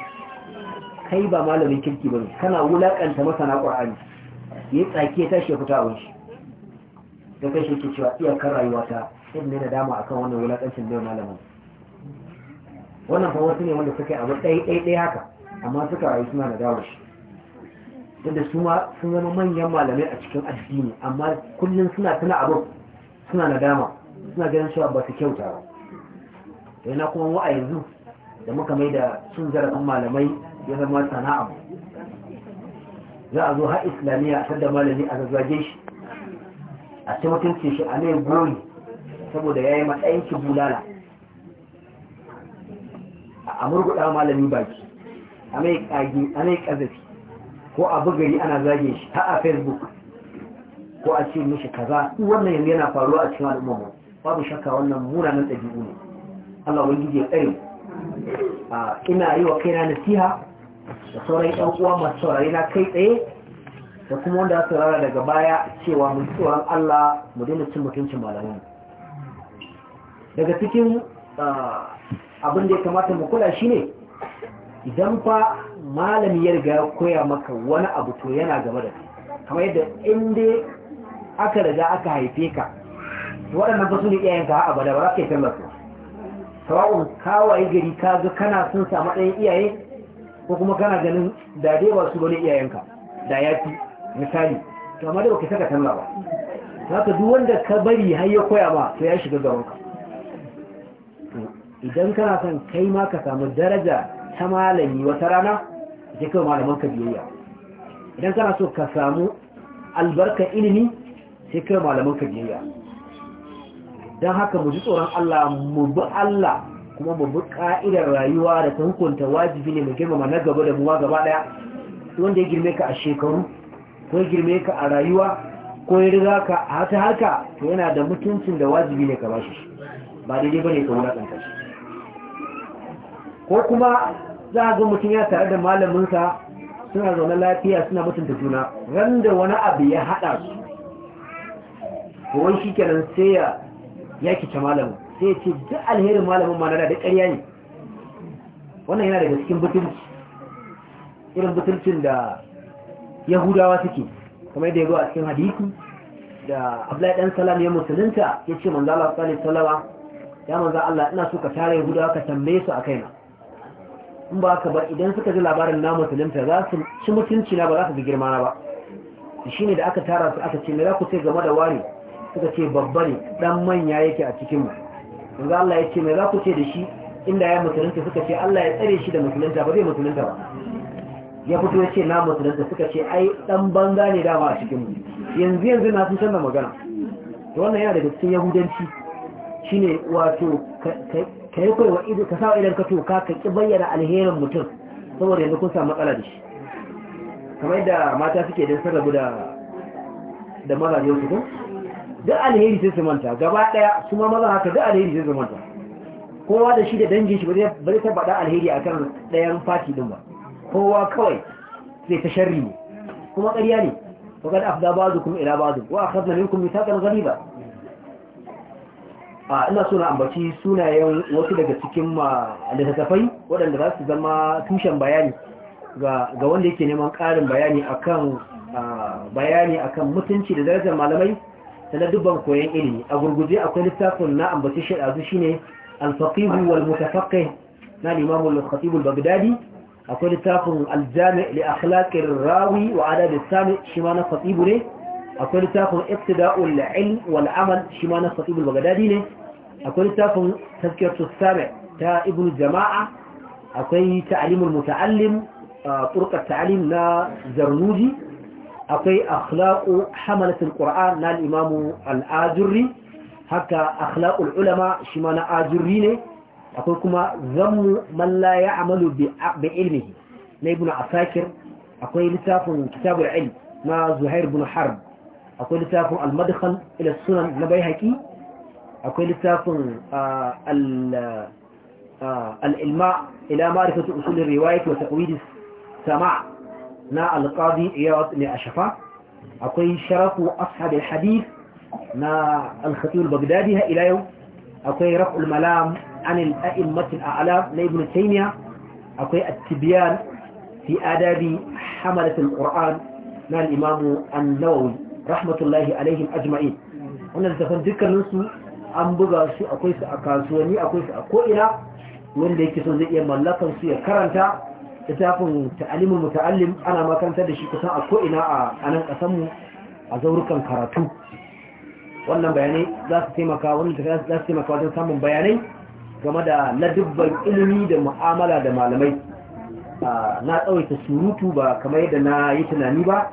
kai ba malamin kirki ba ne kana wulaƙanta masana ƙwar'ani ya tsaki ya tashi ya fita shi da kai shi ke cewa iyakar rayuwata yadda ne na dama kan wannan wulaƙancin bai malamin wannan fa wasu ne wanda suka yi abu ɗaya ɗaya ɗaya haka amma suka rayu suna da dawo shi tunda su ma sun zama manyan malamai a cikin addini amma kullum suna tuna abu suna na dama, suna ganin cewa ba su kyauta ba yana kuma wa a yanzu da muka mai da sun zarafin malamai ya zama sana'a za a zo har islamiyya a da malami a zazzage shi a ta mutunci shi a mai gori saboda ya yi matsayin ki bulala a murguɗa malami baki a mai ƙagi a mai ƙazafi ko a bugari ana zage shi ta a facebook ko a ce mishi kaza wannan yanzu yana faruwa a cikin al'umma babu shakka wannan munanan ɗabi'u ne Allah wani ya tsare ina yi wa kaina nasiha da sauran 'yan uwa masu saurari na kai tsaye da kuma wanda aka rara daga baya cewa mun tsoron Allah mu daina cin mutuncin malamin daga cikin ah, abin da ya kamata mu kula shine idan fa malami ya riga ya koya maka wani abu to yana gaba da kamar yadda inda aka riga aka haife ka waɗannan ba su ne iyayenka a bada ba za ka yi tallafa sawa'un kawai gari ka ga kana sun samu ɗayan iyaye ko kuma kana ganin da dai ba su bane iyayenka da ya fi misali to amma da baka saka talla ba haka duk wanda ka bari har ya koya ba to ya shiga gaban ka idan kana son kai ma ka samu daraja ta malami wata rana sai kai malaman ka biyayya idan kana so ka samu albarka ilimi sai kai malaman ka biyayya don haka mu ji tsoron Allah mu bi Allah kuma mu bi ka'idar rayuwa da ta hukunta wajibi ne mu girmama na gaba da muwa gaba daya wanda ya girme ka a shekaru ko girme ka a rayuwa ko ya riga ka haka haka to yana da mutuncin da wajibi ne ka bashi ba daidai bane ka kanta shi ko kuma za a ga mutum ya tare da malaminsa suna zaune lafiya suna mutunta juna ran da wani abu ya haɗa su kawai shi kenan sai ya ta malamin sai ce duk alherin malamin ma na da ƙarya ne wannan yana daga cikin butulci irin butulcin da yahudawa suke kamar da ya zo a cikin hadisi da abdullahi dan salam ya musulunta ya ce manzo Allah sallallahu ya manzo Allah ina so ka tare yahudawa ka tambaye su a na in ba ka ba idan suka ji labarin na musulunta za su ci mutunci na ba za su ji girma na ba shine da aka tara su aka ce me za ku ce game da wani suka ce babba ne dan manya yake a cikin mu yanzu Allah ya ce me za ku ce da shi inda ya musulunta suka ce Allah ya tsare shi da musulunta ba zai musulunta ba ya fito ya ce na musulunta suka ce ai dan banga ne dama a cikin mu yanzu yanzu na sun canza magana to wannan yana daga cikin yahudanci shine wato ka yi kai wa ido ka sa idan ka toka ka ki bayyana alherin mutum saboda yanzu kun samu matsala da shi kamar yadda mata suke dan sarrafa da da mazaje su kun duk alheri sai su manta gaba daya su ma maza haka duk alheri sai su manta kowa da shi da dangin shi ba zai tabbata alheri akan dayan fati din ba kowa kawai sai ta sharri ne kuma ƙarya ne وقد أفضى بعضكم إلى بعض وأخذنا منكم ميثاقا غليظا a ina suna ambaci sunayen wasu daga cikin littattafai waɗanda za su zama tushen bayani ga wanda yake neman ƙarin bayani akan bayani akan mutunci da darajar malamai da na dubban koyon ilimi a gurguje akwai littafin na ambaci shaɗazu shine alfaqihu wal mutafaqqih na limamul khatibul bagdadi akwai littafin aljami li akhlaqir rawi wa adab sami shi ma na khatibu ne akwai littafin ibtida'ul ilm wal amal shi ma na khatibu bagdadi ne akwai littafin tazkiratu sami ta ibnu jama'a akwai ta'limul muta'allim turqat ta'lim na zarnuji akwai akhlaqu hamalatul qur'an na al-imam al-ajurri haka akhlaqul ulama shi ma na ajurri ne akwai kuma zammu man la ya amalu bi ilmihi na ibn asakir akwai littafin kitabul ilm na zuhair ibn harb akwai littafin al-madkhal ila sunan na baihaqi akwai littafin al-ilma ila ma'rifatu usul ar-riwayah wa taqwid as sama' na al-qadi iyad ne ashfa akwai sharafu ashab al-hadith na al-khatib al-baghdadi ila yau akwai raf al malam عن الأئمة الأعلام لابن تيمية أقوي التبيان في آداب حملة القرآن مع الإمام النووي رحمة الله عليهم أجمعين wannan littafin dukkaninsu an buga su akwai su a kasuwanni akwai su a ko'ina wanda yake so zai iya mallakan su ya karanta littafin ta'alimin muta'allim ana makarantar da shi kusan a ko'ina a nan kasanmu a zaurukan karatu wannan bayanai za su taimaka wannan za su taimaka wajen samun bayanai game da ladubban ilimi da mu'amala da malamai na tsawaita surutu ba kamar yadda na yi tunani ba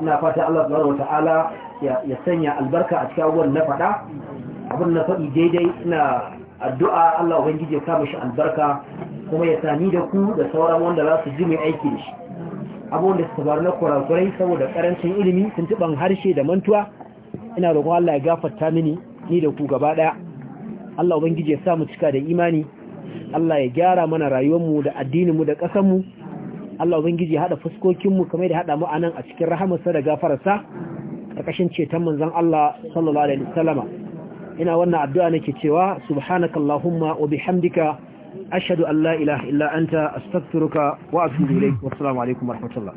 ina fata Allah subhanahu wata'ala ya sanya albarka a cikin abubuwan na faɗa abin na faɗi daidai ina addu'a Allah ubangiji ya kama shi albarka kuma ya sani da ku da sauran wanda za su ji mai aiki da shi abubuwan da suka na kurakurai saboda karancin ilimi tuntuɓan harshe da mantuwa ina roƙon Allah ya gafarta mini ni da ku gaba ɗaya Allah ubangiji ya sa mu cika da imani Allah ya gyara mana rayuwar mu da addinin mu da kasar mu Allah ubangiji ya hada fuskokin mu kamar da hada mu anan a cikin rahamarsa da gafararsa karkashin ceton manzon Allah sallallahu alaihi wasallama ina wannan addu'a nake cewa subhanakallahumma wa bihamdika ashhadu an la ilaha illa anta astaghfiruka wa atubu ilaik wassalamu alaikum